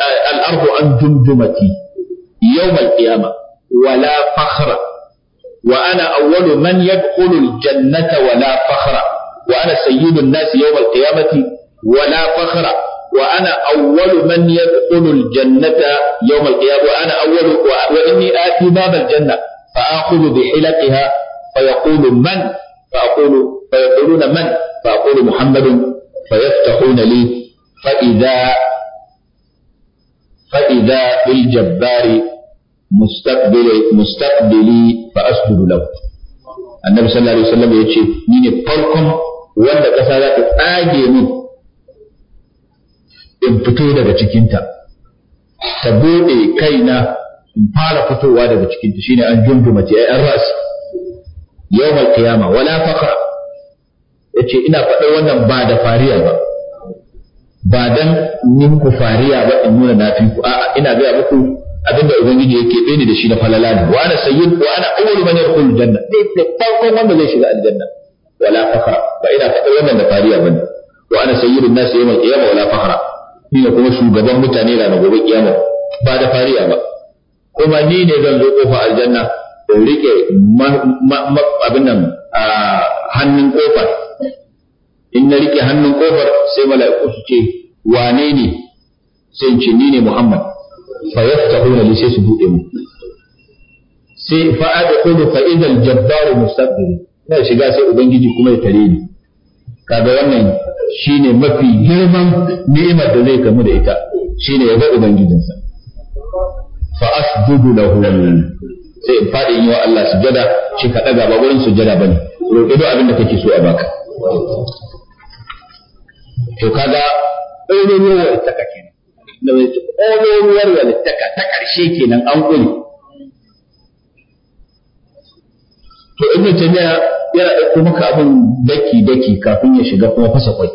al an jumjumati yawm al-qiyamah wala fakhra wa ana awwalu man yadkhulu al-jannata wala fakhra wa ana nasi وأنا أول من يدخل الجنة يوم القيامة وأنا أول وإني آتي باب الجنة فآخذ بحلقها فيقول من فأقول فيقولون من فأقول محمد فيفتحون لي فإذا فإذا بالجبار مستقبل مستقبلي فأسجد له النبي صلى الله عليه وسلم يقول نيني فرقم wanda ƙasa za ta tsage min in fito daga cikinta ta buɗe kaina in fara fitowa daga cikinta shine an junduma ce ai an rasi yawmal kiyama wala fakhra yace ina faɗar wannan ba da fariya ba ba don nin ku fariya ba in nuna na ku a'a ina gaya muku abinda ubangiji yake bani da shi na falala ne wa ana sayyid wa ana awwalu man yadkhulu janna ne farkon wanda zai shiga aljanna wala fakhra ba ina faɗar wannan da fariya bane wa ana sayyidun nas yawmal qiyama wala fakhra ni ne kuma shugaban mutane ranar gobe kiyama ba da fariya ba kuma ni ne zan zo kofa aljanna rike abin nan a hannun kofar in na rike hannun kofar sai mala'iku su ce wane ne sai ce ni ne Muhammad fa ya yaftahuna li sai su bude mu sai fa adkhulu fa idan jabbaru mustabbir na shiga sai ubangiji kuma ya tare ni kaga wannan shine mafi girman ni'imar da zai kamu da ita shine ya ga ubangijinsa fa asjudu lahu sai in faɗi in yi wa Allah sujada shi ka ɗaga ba wurin sujada ba ne roƙi duk abin da kake so a baka to kaga ɗaurin taka kenan da mai ci ƙololuwar walittaka ta ƙarshe ke nan an ƙuri to ta taymiya yana ɗauko maka abin daki daki kafin ya shiga kuma fasa kwai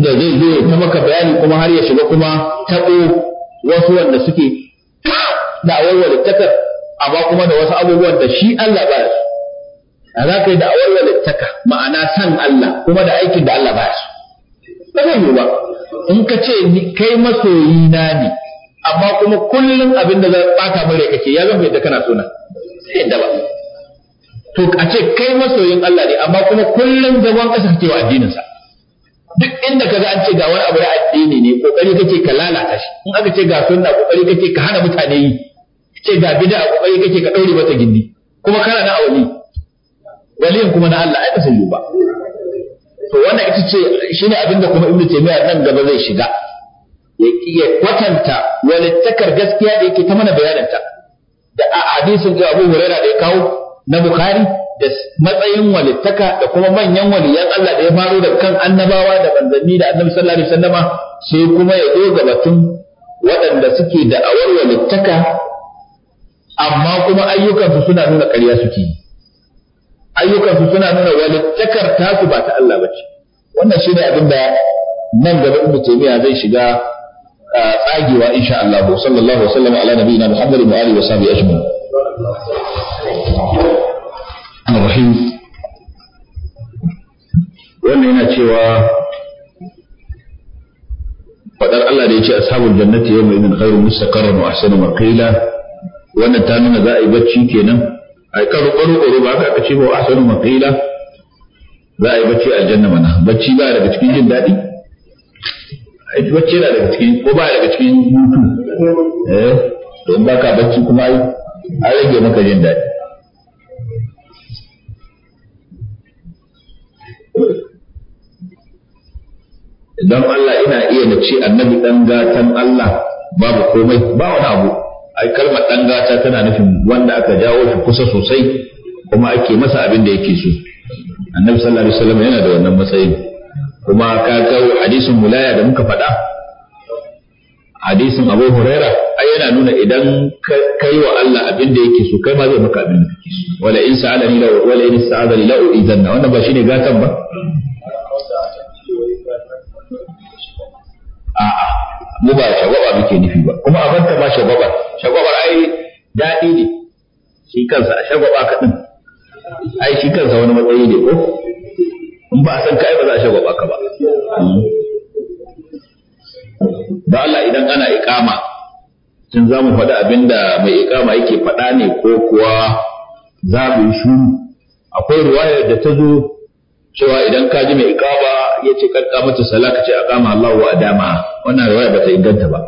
da zai zo ta maka bayani kuma har ya shiga kuma taɓo wasu wanda suke Da awalwal takar amma kuma da wasu abubuwan da shi Allah ba su A za ka yi da'awar takar ma'ana san Allah kuma da aikin da Allah ba su ba zai yi ba in ka ce kai masoyi na ne amma kuma kullum abin da zai bata mai kake ya zama yadda kana so na sai da ba to a ce kai masoyin Allah ne amma kuma kullum zaman kasa kake wa addinin sa duk inda kaga an ce ga wani abu da addini ne kokari kake ka lalata shi in aka ce ga sunna kokari kake ka hana mutane yi ce ga bida a kokari kake ka daure mata gindi kuma kana na awali waliyin kuma na Allah ai kasan ba to wannan ita ce shine abinda kuma ibnu taymiya nan gaba zai shiga ya kwatanta walittakar gaskiya da yake ta mana bayananta da a hadisin da Abu Hurairah da ya kawo na Bukhari da matsayin walittaka da kuma manyan waliyan Allah da ya faro da kan annabawa da manzanni da annabi sallallahu alaihi wasallama sai kuma ya zo ga batun waɗanda suke da awar walittaka amma kuma ayyukansu suna nuna ƙarya suke yi ayyukansu suna nuna walittakar tasu ba ta Allah bace wannan shine abin da nan gaba Ibn Taymiyyah zai shiga tsagewa insha Allah sallallahu alaihi wasallam ala nabiyina Muhammad wa alihi wa sahbihi ajma'in Ar-Rahim wannan yana cewa fadar Allah da yace ashabul jannati yawma idin khairu mustaqarran wa ahsanu maqila wannan ta nuna za a yi bacci kenan ai ka ruɓa ba ka ce ba asanu maqila za a yi bacci a janna mana bacci ba daga cikin jin daɗi bacci yana daga cikin ko ba daga cikin hutu eh in baka bacci kuma ai an rage maka jin daɗi don Allah ina iya na ce annabi ɗan gatan Allah babu komai ba wani abu ai kalmar dan gata tana nufin wanda aka jawo shi kusa sosai kuma ake masa abin da yake so annabi sallallahu alaihi wasallam yana da wannan matsayin kuma ka ga hadisin mulaya da muka faɗa hadisin Abu Huraira ai yana nuna idan kai wa Allah abin da yake so kai ma zai maka abin da kake so wala in sa'alani la wala in ni la idan wannan ba shine gatan ba a'a mu ba shagwaba muke nufi ba kuma a banta ba shagwaba shagwaba ai daɗi ne shi kansa a shagwaba ka din ai shi kansa wani matsayi ne ko in ba a san kai ba za a shagwaba ka ba da Allah idan ana iƙama tun za mu faɗi abin da mai iƙama yake faɗa ne ko kuwa za mu yi shuru akwai ruwayar da ta zo cewa idan ka ji mai iqama ya ce kan mata sala ka ce aqama Allah wa adama wannan riwaya ta inganta ba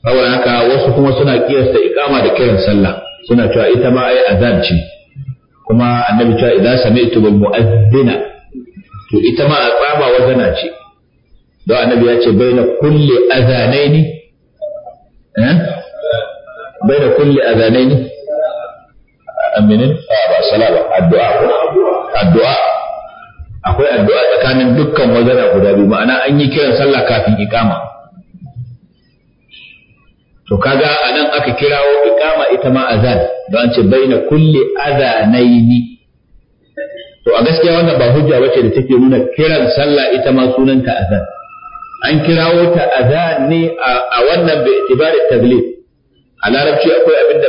saboda haka wasu kuma suna kiyasta iqama da kiran sallah suna cewa ita ma ai azan ce kuma annabi cewa idza sami'tu bil mu'adhdhina to ita ma aqama wazana ce don annabi ya ce baina kulli azanaini eh baina kulli azanaini aminin ba sala ba addu'a addu'a akwai addu'a tsakanin dukkan wazara guda biyu ma'ana an yi kiran sallah kafin iqama to kaga anan aka kirawo iqama ita ma azan don an ce baina kulli azanaini to a gaskiya wannan ba hujja bace da take nuna kiran sallah ita ma sunanta azan an kirawo ta azan ne a wannan bai itibari taglib a larabci akwai abin da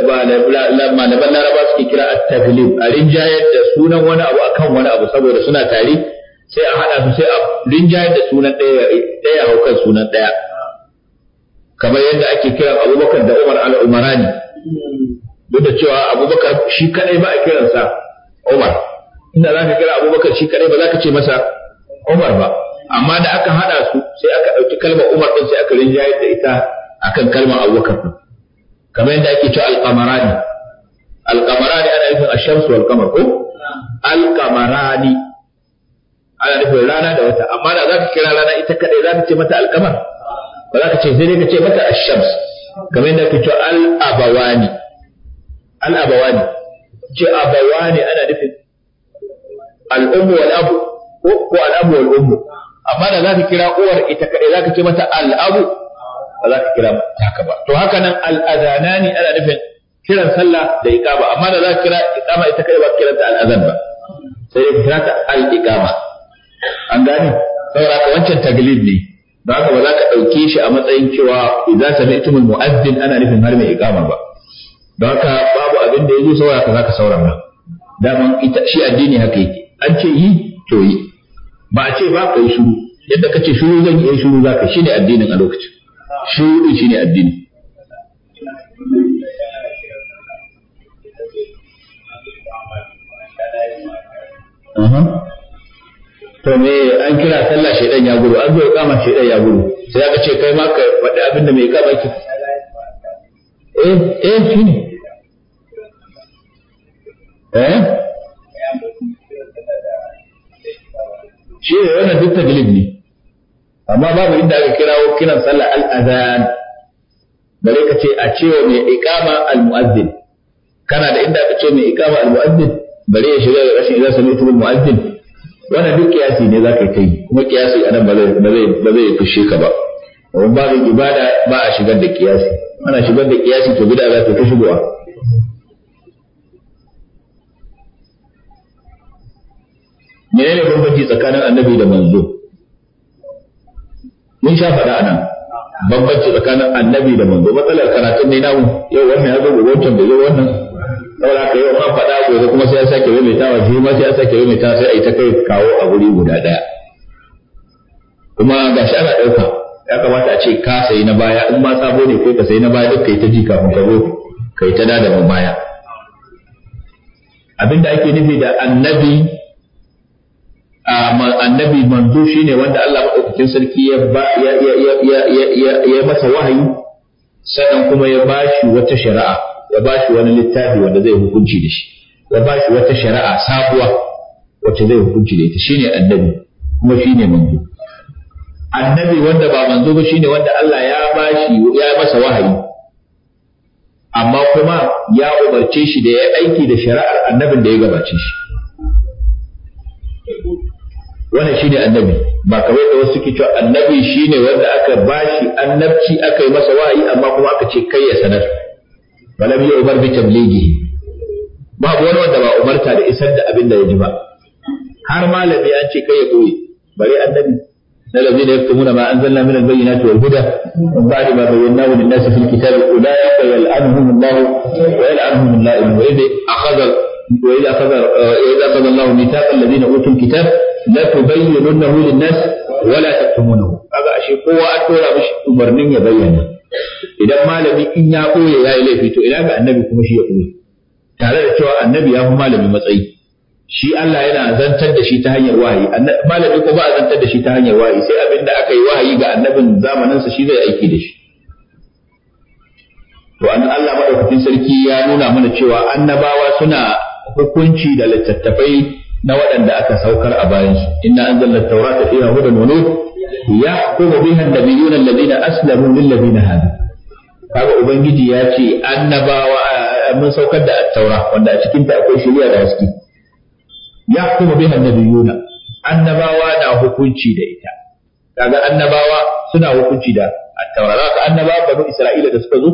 malaman laraba suke kira at-taglib a rinjayar da sunan wani abu kan wani abu saboda suna tare sai a haɗa su sai a rinjayar da sunan ɗaya ɗaya hau kan sunan ɗaya kamar yadda ake kiran abubakar da umar al-umarani duk da cewa abubakar shi kadai ba a kiransa umar inda za ka kira abubakar shi kadai ba za ka ce masa umar ba amma da aka haɗa su sai aka ɗauki kalmar umar ɗin sai aka rinjayar da ita akan kalmar abubakar ɗin kamar yadda ake cewa al-qamarani al-qamarani ana nufin ash-shams wal-qamar ko alkamarani ana nufin rana da wata amma da za ka kira rana ita kadai za ka ce mata alkamar? ba za ka ce sai dai ka ce mata ash-shams kamar yadda ka ce al-abawani al-abawani ce abawani ana nufin al-ummu wal-abu ko al-abu wal-ummu amma da za ka kira uwar ita kadai za ka ce mata al-abu ba za ka kira ta haka ba to haka nan al-adhanani ana nufin kiran sallah da iqama amma da za ka kira iqama ita kai ba kiranta al ba sai ka kira ta al-iqama an gane saboda ka wancan taglib ne don haka ba za ka ɗauke shi a matsayin cewa idza sami'tumul mu'azzin ana nufin har mai iqama ba don haka babu abin da zo saboda ka za zaka saurara daman ita shi addini haka yake an ce yi to yi ba a ce ba ka yi shuru. yadda kace shuru zan yi ka Shi ne addinin a lokacin shi ne addinin. to me an kira sallah shaidan ya gudu an zo kama shaidan ya gudu sai aka ce kai ma ka faɗi abinda mai kama ki eh eh shi ne eh shi ne wannan duk taglib ne amma babu inda aka kirawo kiran sallah al-adhan bare ka ce a cewa mai iqama al-mu'azzin kana da inda aka ce mai iqama al-mu'azzin bare ya shiga da rashin idan sami tubul mu'azzin wannan duk kiyasi ne za ka kai, kuma kiyasi a nan ba zai fushe ka ba wani babin ibada ba a shigar da kiyasi ana shigar da kiyasi to bida za ta ta shigowa ne bambanci tsakanin annabi da manzo mun sha faɗa nan, bambanci tsakanin annabi da manzo matsalar karatun ne namu yau wannan ya zo gobe wancan bai zo wannan saboda haka yau an faɗa gobe kuma sai ya sake maimaita wa juma sai ya sake maimaita sai a yi ta kai kawo a wuri guda ɗaya kuma ga shi ana ɗauka ya kamata a ce ka sayi na baya in ma sabo ne ko ka sayi na baya duk ka yi ta ji kafin ka zo yi ta da da baya abinda ake nufi da annabi annabi manzo shine wanda Allah maɗaukakin sarki ya ya ya ya ya ya masa wahayi sannan kuma ya bashi wata shari'a ya ba shi wani littafi wanda zai hukunci da shi ya ba shi wata shari'a sabuwa wacce zai hukunci da ita shine annabi kuma shine manzo annabi wanda ba manzo ba shine wanda Allah ya ba shi ya masa wahayi amma kuma ya umarce shi da ya aiki da shari'ar annabin da ya gabace shi wannan shine annabi ba kamar da wasu suke cewa annabi shine wanda aka bashi annabci aka yi masa wahayi amma kuma aka ce kai ya sanar balam ya umar bi tablighi babu wani wanda ba umarta da isar da abin da ya ji ba har malami an ce kai ya koyi bare annabi na lazina yaktumuna ma anzalna min al-bayyinati wal huda min ba'di ma bayyanahu lin-nasi fil kitabi ulaika yal'anuhum Allah wa yal'anuhum al-la'in wa idh akhadha wa idh akhadha idh akhadha Allah mithaqa alladhina utul kitab la tubayyinunahu lin-nas wa kowa an tora mishi umarnin ya bayyana idan malami in ya koye ya yi laifi to ina ga annabi kuma shi ya koye tare da cewa annabi ya fi malami matsayi shi Allah yana zantar da shi ta hanyar wahayi malami ko ba a zantar da shi ta hanyar wahayi sai abin da aka yi wahayi ga annabin zamaninsa shi zai aiki da shi to an Allah madaukakin sarki ya nuna mana cewa annabawa suna hukunci da littattafai na waɗanda aka saukar a bayansu inna anzalna tawrata fiha hudan wa nur يحكم بها النبيون الذين أسلموا للذين هادوا kaga ubangiji ya ce annabawa eh, mun saukar da Attaura, wanda a cikinta akwai shari'a da haske ya kuma bihan nabiyuna annabawa na hukunci da ita kaga annabawa suna hukunci da attaura za ka annabawa banu isra'ila da suka zo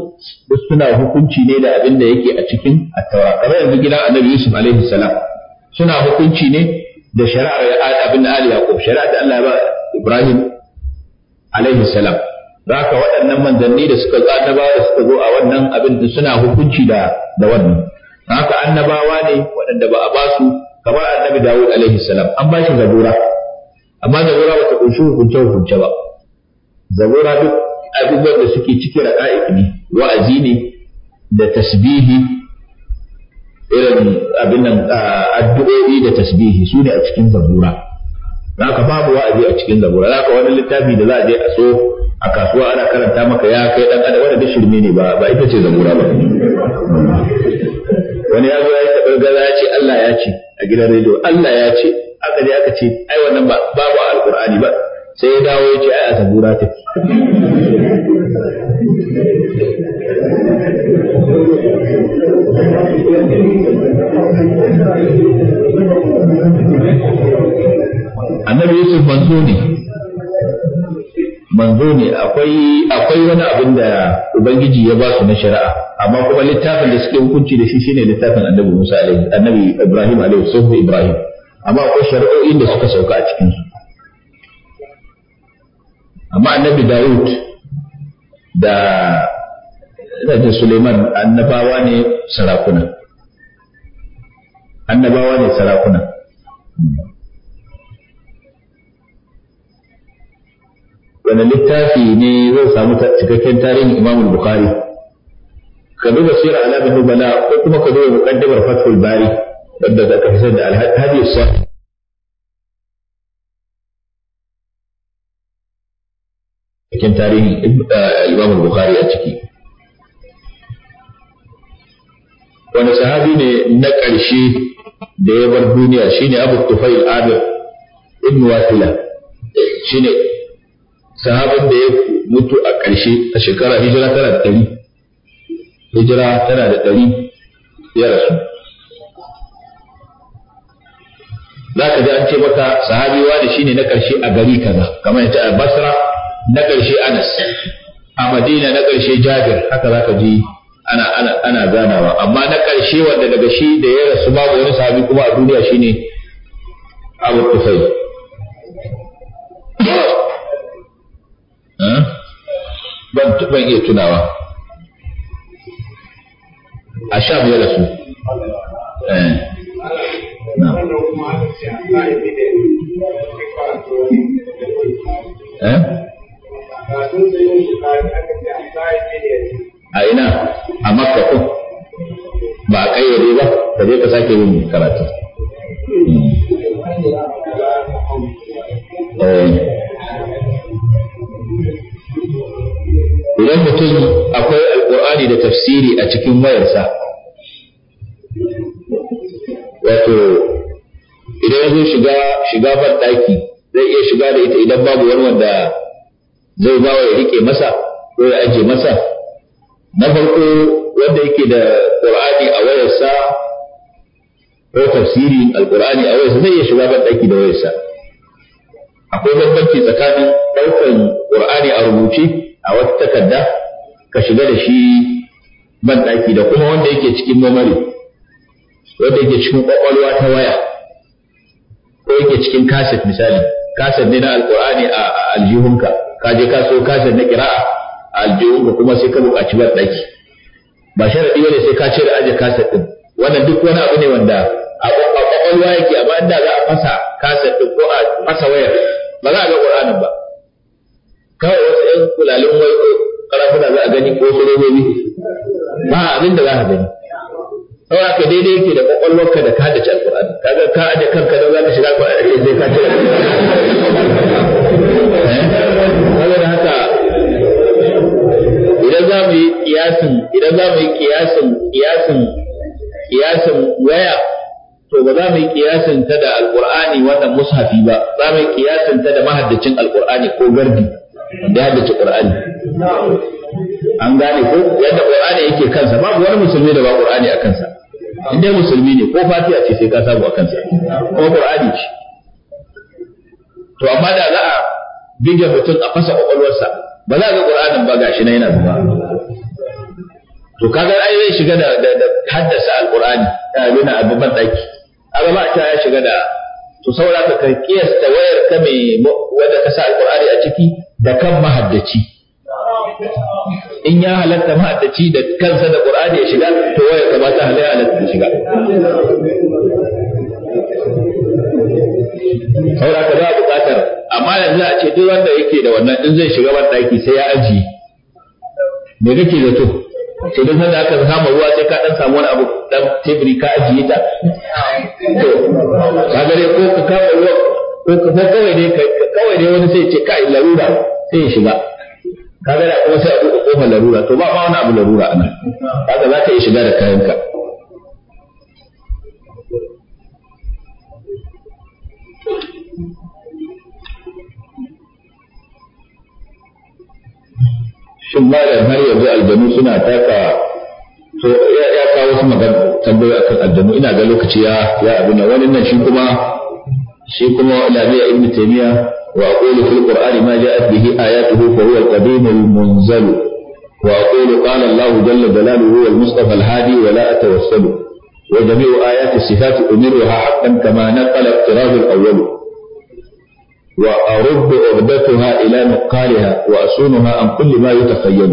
duk suna hukunci ne da abin da yake a cikin attaura kamar yanzu gidan annabi yusuf alaihi salam suna hukunci ne da shari'ar abin da ali yaqub shari'ar da Allah ya ba ibrahim alaihi salam haka waɗannan manzanni da suka annaba da suka zo a wannan abin da suna hukunci da da wannan haka annabawa ne waɗanda ba a ba su kamar annabi Dawud alaihi salam an ba shi zabura amma zabura ba ta kunshi hukunce hukunce ba zabura duk abubuwan da suke cikin raqa'iq ne wa'azi ne da tasbihi irin abin nan addu'o'i da tasbihi su ne a cikin zabura haka babu wa'azi a cikin zabura zaka wani littafi da za a je a so a kasuwa ana karanta maka ya kai dan adam wanda shirme ne ba ba ita ce zabura ba wani ya zo ya taɓar ya ce Allah ya ce a gidan rediyo Allah ya ce aka je aka ce ai wannan ba babu alqur'ani ba sai ya dawo ya ce ai a zabura ta annabi yusuf manzo ne akwai akwai wani abin da ubangiji ya ba su na shari'a amma kuma littafin da suke hukunci da shi shine littafin annabi musa alaihi annabi ibrahim alaihi ibrahim amma akwai shari'o'in da suka sauka a cikin su amma annabi Dawud da ina Suleiman annabawa ne sarakuna annabawa ne sarakuna wani littafi ne zai samu cikakken tarihin imamul bukhari ka duba sir alamin nubala ko kuma ka duba muqaddimar fathul bari wadda da ka fitar da alhadi sahih cikin tarihin eh, Imam Bukhari a ciki wani sahabi ne na ƙarshe da ya bar duniya shine Abu Tufail Amir ibn Wasila shine sahabin da ya mutu a ƙarshe a shekara hijira tana da ɗari hijira tana da ɗari ya rasu za ka ji an ce maka sahabi wani shine na ƙarshe a gari kaza kamar yace a Basra na ƙarshe Anas a Madina na ƙarshe Jabir haka za ka ji ana ana ana ganawa amma na ƙarshe wanda daga shi da ya rasu babu wani sahabi kuma a duniya shine Abu Kufay ban ban iya tunawa a sham ya rasu eh eh a ina a makka ko ba a kayyade ba ka je ka sake yin karatu eh. idan mutum akwai alkur'ani da tafsiri a cikin wayarsa wato idan ya zo shiga shiga ban zai iya shiga da ita idan babu wani wanda zai ba wa ya rike masa ko ya aje masa na farko wanda yake da qur'ani a wayarsa ko tafsirin alqur'ani a wayarsa zai iya shiga ban daki da wayarsa akwai bambanci tsakanin daukan ƙur'ani a rubuce a wata takarda ka shiga da shi ban daki da kuma wanda yake cikin mamari, wanda yake cikin kwakwalwa ta waya ko yake cikin kaset misali kaset ne na alqur'ani a aljihunka ka je ka so kashin na kira'a a aljihunka kuma sai ka buƙaci bar ɗaki ba sharaɗi bane sai ka cire aje kasar ɗin wannan duk wani abu ne wanda a ƙwaƙwalwa yake amma inda za a fasa kasar ɗin ko a fasa wayar ba za a ga ƙur'anin ba kawai wasu ‘yan kulalin wai ƙarafuna za a gani ko su robobi ba abin da za a gani saboda aka daidai yake da ƙwaƙwalwarka da ka da ci alƙur'ani kaga ka aje kanka da za ka shiga ƙur'ani zai ka cire saboda haka idan za mu yi kiyasin idan za mu yi kiyasin kiyasin kiyasin waya to ba za mu yi kiyasin ta da alqur'ani wannan mushafi ba za mu yi kiyasin ta da mahaddacin alqur'ani ko gardi da haddace qur'ani an gane ko yadda qur'ani yake kansa babu wani musulmi da ba qur'ani a kansa in dai musulmi ne ko fatiha ce sai ka samu a kansa ko qur'ani ce to amma da za a bige mutum a fasa kwakwalwarsa ba za a ga qur'anin ba gashi na yana zuba to kaga ai zai shiga da haddasa alqur'ani abin abuban A araba ta ya shiga da to saboda ka kai kiyasta wayar ka mai wanda ka sa alqur'ani a ciki da kan mahaddaci in ya halatta mahaddaci da kansa da ƙur'ani ya shiga to wayar ka ba ta halatta shiga saboda haka za a buƙatar amma yanzu a ce duk wanda yake da wannan in zai shiga ban ɗaki sai ya aji. me kake da to duk sanda aka samu ruwa sai ka dan samu wani abu dan tebiri ka ajiye ta to ka gare ko ka kawo ruwa ko ka ko kawai ne kawai ne wani sai ya ce kai larura sai ya shiga ka gare kuma sai a buɗe kofar larura to ba ma wani abu larura anan kaga za ka iya shiga da kayanka shin ba malam har yanzu aljanu suna taka to ya kawo wasu magana tambayoyi akan aljanu ina ga lokaci ya ya abin nan wani nan shi kuma shi kuma labiya ibnu taymiya wa aqulu fil qur'ani ma ja'at bihi ayatuhu fa huwa al-qadim al-munzal wa aqulu qala allah jalla jalaluhu wal mustafa al-hadi wa la atawassalu وجميع آيات الصفات أمرها حقا كما نقل الطراز الأول وأرد عقدتها إلى نقالها وأصونها عن كل ما يتخيل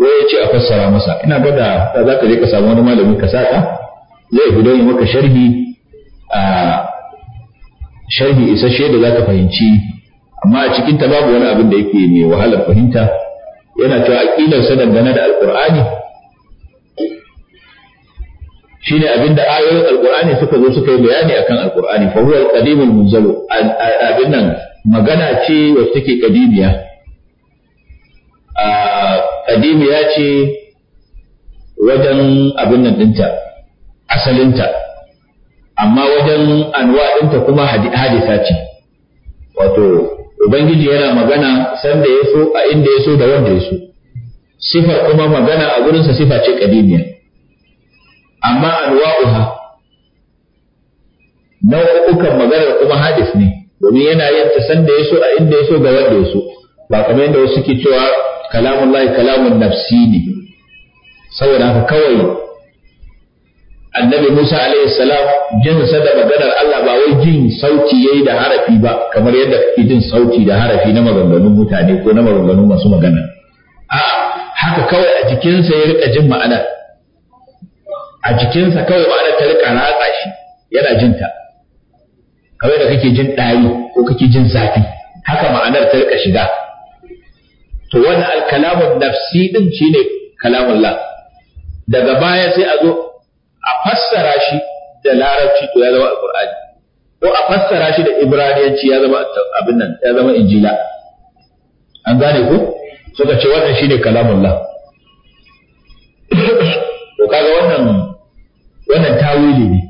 ويأتي أفسر مسا إن بدا ذاك ذيك سامون ما لم كساتا zai fi dai maka sharhi a sharhi isasshe da za ka fahimci amma a cikinta babu wani abin da yake mai wahalar fahimta yana cewa aƙidarsa dangane da alƙur'ani shine abinda ayoyin alkur'ani suka zo suka yi bayani akan alkurani fa huwa alqadim almunzal abin nan magana ce wacce take kadimiya a kadimiya ce wajen abin nan dinta asalinta amma wajen anwa dinta kuma hadisa ce wato ubangiji yana magana sanda ya so a inda ya so da wanda ya so sifar kuma magana a gurinsa sifa ce kadimiya amma anwa'uha nau'ukan maganar kuma hadis ne domin yana yin ta sanda yaso a inda yaso ga wanda yaso ba kamar yadda wasu suke cewa kalamun lahi kalamun nafsi ne saboda haka kawai annabi Musa alaihi salam jin da maganar Allah ba wai jin sauti yayi da harafi ba kamar yadda kake jin sauti da harafi na maganganun mutane ko na maganganun masu magana a haka kawai a jikinsa ya rika jin ma'ana a jikinsa kawai ba ana tarika ratsa shi yana jin ta da kake jin ɗari ko kake jin zafi haka ma'anar ta rika shiga to wani alkalamun nafsi din shine kalamun la daga baya sai a zo a fassara shi da larabci to ya zama alkur'ani ko a fassara shi da ibraniyanci ya zama abin nan ya zama injila an gane ku? suka ce wannan shine kalamun la to kaga wannan wannan tawili ne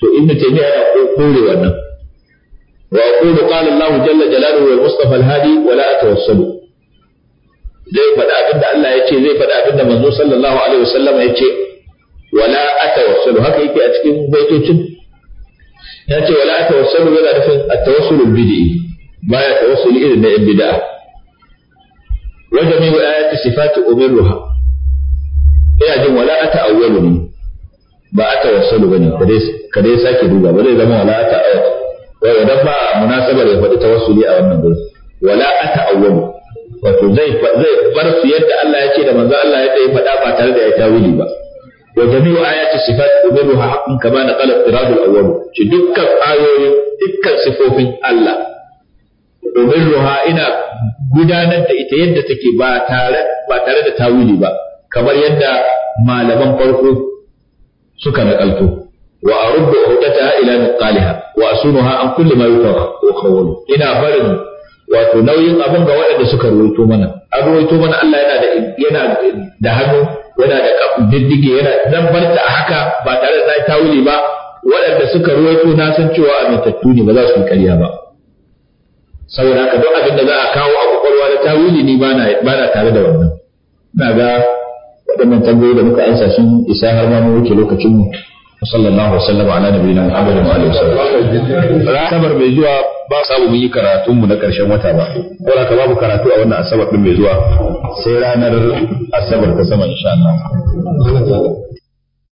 to ibnu taymiya yana kore wannan wa aqulu qala Allah jalla jalaluhu wal mustafa al hadi wa la atawassalu zai faɗa abinda Allah ya ce zai faɗa abinda manzo sallallahu alaihi wasallam ya ce wala atawassalu haka yake a cikin baitocin ya ce wala atawassalu yana nufin at-tawassulul ba ya tawassuli irin na yan bid'a wa jami'u ayati sifati umiruha ina jin wala ata ata'awwalu ba a tawassalu bane ka dai sake duba ba zai zama wala ta awa wai idan ba munasabar ya faɗi tawassuli a wannan gurin wala ata awwalu wato zai zai bar su yadda Allah ya ce da manzo Allah ya dai faɗa ba tare da ya tawili ba wa jami'u ayati sifat umiruha haqqan kama naqala tiradul awwal ci dukkan ayoyi dukkan sifofin Allah umiruha ina gudanar da ita yadda take ba tare ba tare da tawili ba kamar yadda malaman farko suka nakalto wa aruddu uqdataha ila nuqaliha wa asunuha an kulli ma yutawakkalu ina barin wato nauyin abin ga waɗanda suka ruwaito mana an ruwaito mana Allah yana da yana da hannu yana da diddige yana dan barta a haka ba tare da tawuli ba waɗanda suka ruwaito na san cewa amintattu ne ba za su yi ƙarya ba saboda haka duk abin da za a kawo a kwakwalwa da tawili ni ba na tare da wannan na ga waɗannan tambayoyi da muka ansa sun isa har ma mun wuce lokacin mu sallallahu wasallam ala nabiyina muhammadin wa alihi wasallam asabar mai zuwa ba samu mun yi karatun mu na karshen wata ba ko ka babu karatu a wannan asabar din mai zuwa sai ranar asabar ta sama insha Allah